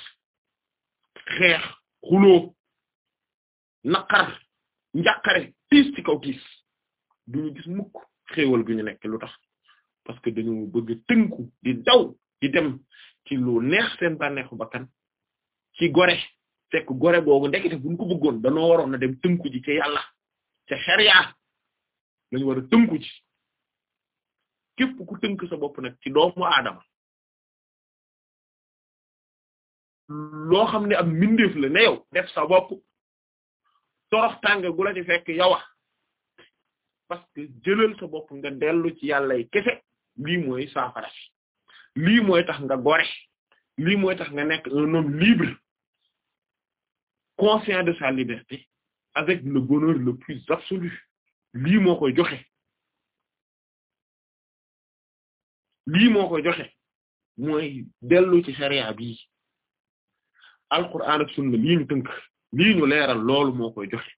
xeex xuloo naqar njàqare tiis ci kaw tiis duñu gis mukk xéewal gu ñu nekk lu tax parce que dañu bëgg tënku di daw di dem ci lu neex seen bànneexu bakkan ki gore fekk gore googu ndekete buñ ko bëggoon danoo waroon na dem tënku ji ci ca sharia lañu war a tënku ci képp ku tënk sa bopp nag ci doomu aadama loo xam ne am mbindeef la ne yow def sa bopp torox tàng fekk yow a parce que jëlal sa bopp nga dellu ci yàlla yi kese lii mooy tax nga gore lii mooy tax nga nekk un libre conscient de sa avec le bonheur le plus absolu lii moo koy joxe lii moo koy joxe mooy dellu ci sharia bii alquran ak sun lii ñu tënk lii ñu leeral loolu moo koy joxe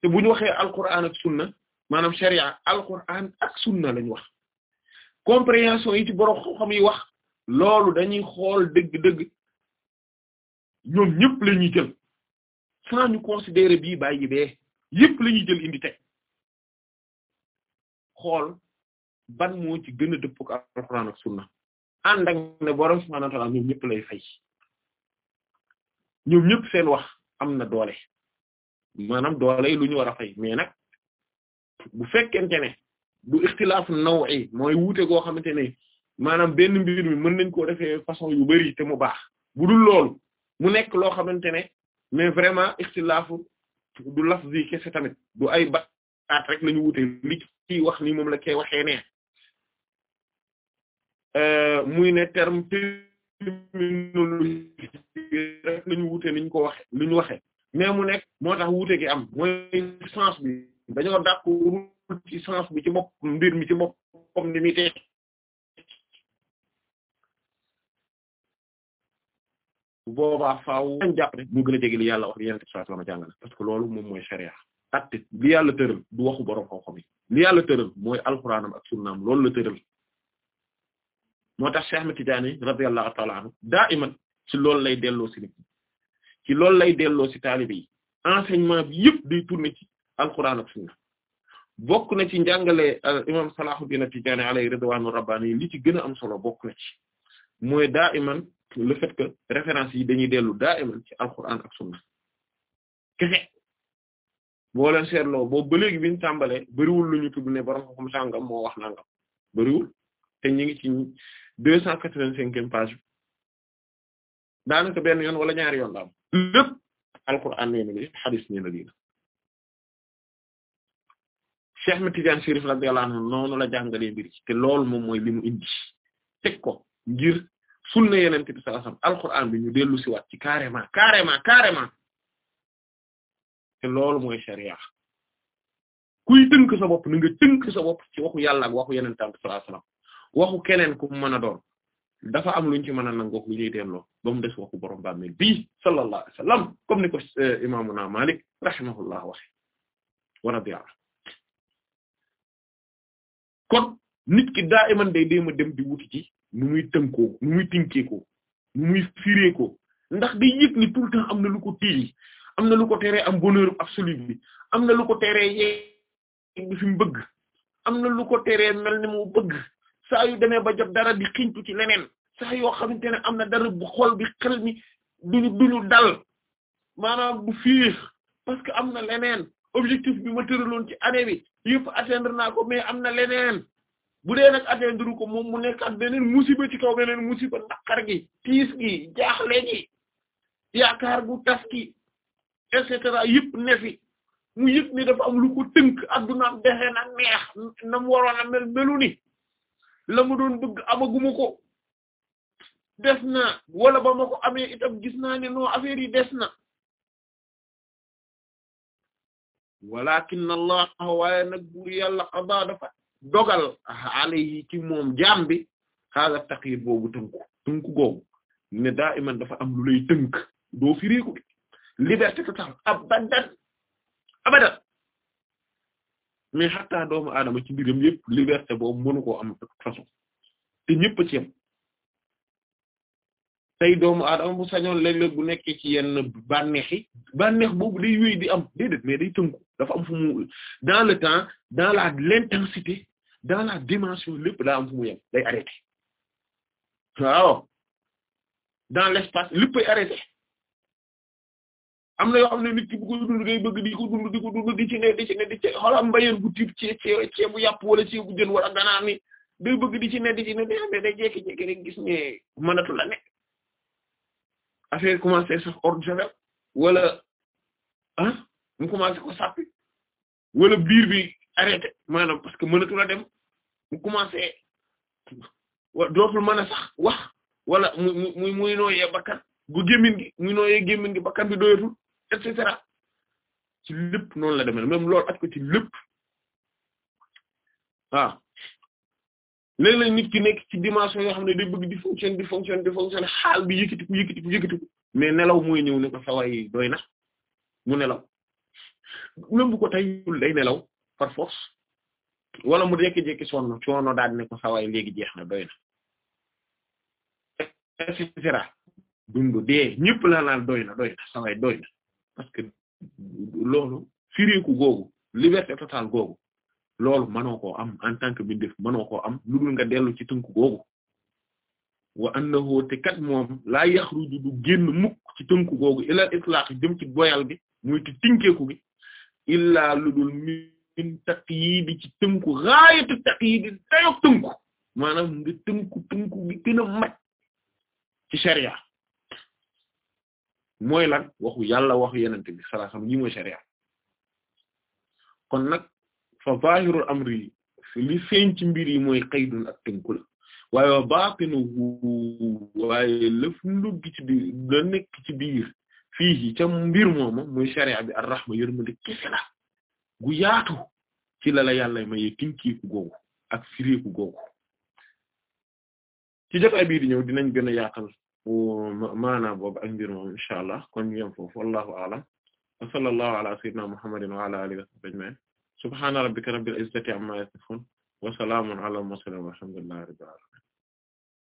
te bu ñu waxee alquran ak sunna maanaam sharia alquran ak sunna lañu wax compréhension yi ci borom xam wax loolu dañuy xool dëgg-dëgg ñoom ñëpp la ñuy jël sans ñu considérer bii bàyyi bee yëpp la ñuy jël indi teg xool ban moo ci gën a dëppoo ak alxuraan ak sunna ànd ne borom subhaanahu wa ta'aala ñoom ñëpp lay fay ñoom ñëpp seen wax am na doole maanaam doole yi lu ñu war a fay mais nag bu fekkente ne du ixtilaaf naw'i mooy wuute goo xamante ne maanaam benn mbir mi mën nañ koo defee façon yu bari te mu baax bu dul loolu mu nekk loo xamante ne mais vraiment ixtilaafu du lafzi kese tamit du ay baat rek la ñu wute li ci wax ni moom la koy waxee ne euh, muy ne terme terminologie rek ñu wute ni ko waxe li ñu waxe mais mu nekk moo tax wute gi am mooy sens bi daño dàkku ci bi ci bopp mbir mi ci boppam ni muy boobaa faaw dañ jàpp ne mu gën a jege li yàlla wax li yenente sallallahu alayhi wasallam jàngale parce que loolu moom mooy sharia atte li yàlla tëral du waxu boroom xam-xam yi li yàlla tëral mooy alxuraanam ak sunnaam loolu la tëral moo tax Cheikh Ahmed Tidiane radiyallahu ta'ala anhu daa iman ci loolu lay delloo si nit ci loolu lay delloo si taalibe bi yëpp day tourner ci alxuraan ak sunna bokk na ci njàngale imam Salahuddin Tidiane alayhi ridwaanu rabbaani li ci gën a am solo bokk na ci mooy daa le fait que référence yi dañuy dellu daaiman ci alquran ak sunna kese boo leen seetloo boobu ba léegi bi ñu tàmbalee bëriwul lu ñu tudd ne borom xam-xam sàngam moo wax nangam bëriwul te ñu ngi ci deux cent quatre-vingt-cinquième page bi daanaka wala ñaari yoon la am na lii xadis nee na lii la Cheikh Ahmed Tidiane Chérif radiyallahu anhu noonu la jàngalee mbir ci te loolu moom mooy li mu indi teg ko ngir sunna yeneen bi sallallahu alayhi wasallam bi ñu dellu si waat ci carrément carrément carrément loolu mooy sharia kuy tënk sa bopp na nga tënk sa bopp ci waxu yàlla ak waxu yeneen bi sallallahu waxu keneen ku mën a doon dafa am luñ ci mën a nangook lu ñuy delloo ba mu des waxu borom bàmmeel bii sallallahu alayhi wasallam comme ko euh, imaamuna nit ki daa iman day déema dem di wuti nu muy tënkoo nu muy tinkeekoo nu ndax day yëg ni temps am na lu ko téye am na lu ko am bonheur absolu bi am na lu ko teree yee bi fi bëgg am na lu ko teree ni mu bëgg saa yu demee ba jot dara di xintu ci leneen saa yoo xamante ne am na dara bu xol bi xel mi duñu duñu dal maanaam du fiix parce que am na leneen objectif bi ma tëraloon ci année bi yëpp atteindre naa ko mais am na leneen bu dee nag atteindre ko moom mu nekk at beneen musiba ci kaw beneen musiba naqar gi tiis gi jaaxle gi yaakaar gu tas gi et cetera yëpp ne mu yëg ni dafa am lu ko tënk addunaam na neex na mu waroon a mel melu ni la mu doon bëgg amaguma ko des na wala ba ma ko amee itam gis naa ne non affaire yi des na walakin Allah waaye nag bu yàlla dafa dogal alayhi ci moom jaam bi xaaral taqyid boobu tënku tënku googu ne daa iman dafa am lu lay tënk doo fi réeku liberté totale abadan abadan mais xataa doomu aadama ci mbiram yépp liberté boobu mënu koo am façon te ñëpp ci yam tey doomu aadama bu sañoon léeg-léeg bu nekkee ci yenn bànneex yi bànneex boobu day wéy di am déedéet mais day tënku dafa am fu dans le temps dans la l'intensité dans la dimension lépp daa am fu mu dans l'espace léppay arrêté am na yoo xam ne nit ki bu ko dund ngay bëgg di ko dund di ko dund di ci ne di ci ne di ci xoolal bu tiib wala ceebu jën wala ganaar ni day bëgg di ci ne di ci ne day day jékki affaire commencé sax ordre javel wala ah mu commencé ko sàppi wala biir bi arrêté maanaam parce que mënatu la dem mu commencé dootul mën a sax wax wala mu mu muy nooyee bakkan bu gémmiñ gi muy nooyee gémmiñ gi bakkan bi doyatul et cetera ci lépp noonu la demee même loolu at ko ci lépp waaw léeg-léeg nit ki nekk ci dimension yoo xam ne bëgg di fonctionner di fonctionner di fonctionner xaal bi yëkkatiku yëkkatiku yëkkatiku mais nelaw mu ñëw ne ko saway doy na mu nelaw même bu ko tey day nelaw par force wala mu jékki-jékki sonn coono daal ne ko sawaay léegi jeex na doy na et cetera dund la naan doy na doy na sawaay doy na parce que loolu firiku googu liberté totale googu loolu mënoo am en tant que bindef mënoo koo am lu dul nga dellu ci tënk googu wa annahu te kat moom laa yaxruju du génn mukk ci tënku googu ilal itlaq jëm ci boyal gi muy ti gi illaa lu dul mi in ci tënku ghaayatu taqyid dayoo tënku maanaam nga tënku tënku bi gën a mat ci sharia mooy lan waxu yàlla waxu yeneen bi sallallahu alayhi kon nag fa zaahirul amri li feeñ ci mbir yi mooy qaydun ak tënku la waaye baatinuhu waaye lëf ndugg ci biir nekk ci biir fii ca mbir mooma mooy sharia bi ar-rahma yërmande kese la gu yaatu ci la la yàlla mayee tinkiiku googu ak firiiku googu ci jotaay bii di ñëw dinañ gën a yaatal maanaam boobu ak mbir moom incha allah kon ñu yem foofu wallahu a'lam wa sallallahu ala sayyidina muhammadin wa ala alihi wa sahbihi ajma'in subhana rabbika rabbil izzati amma yasifun wa salamun ala al mursalin walhamdulillahi rabbil alamin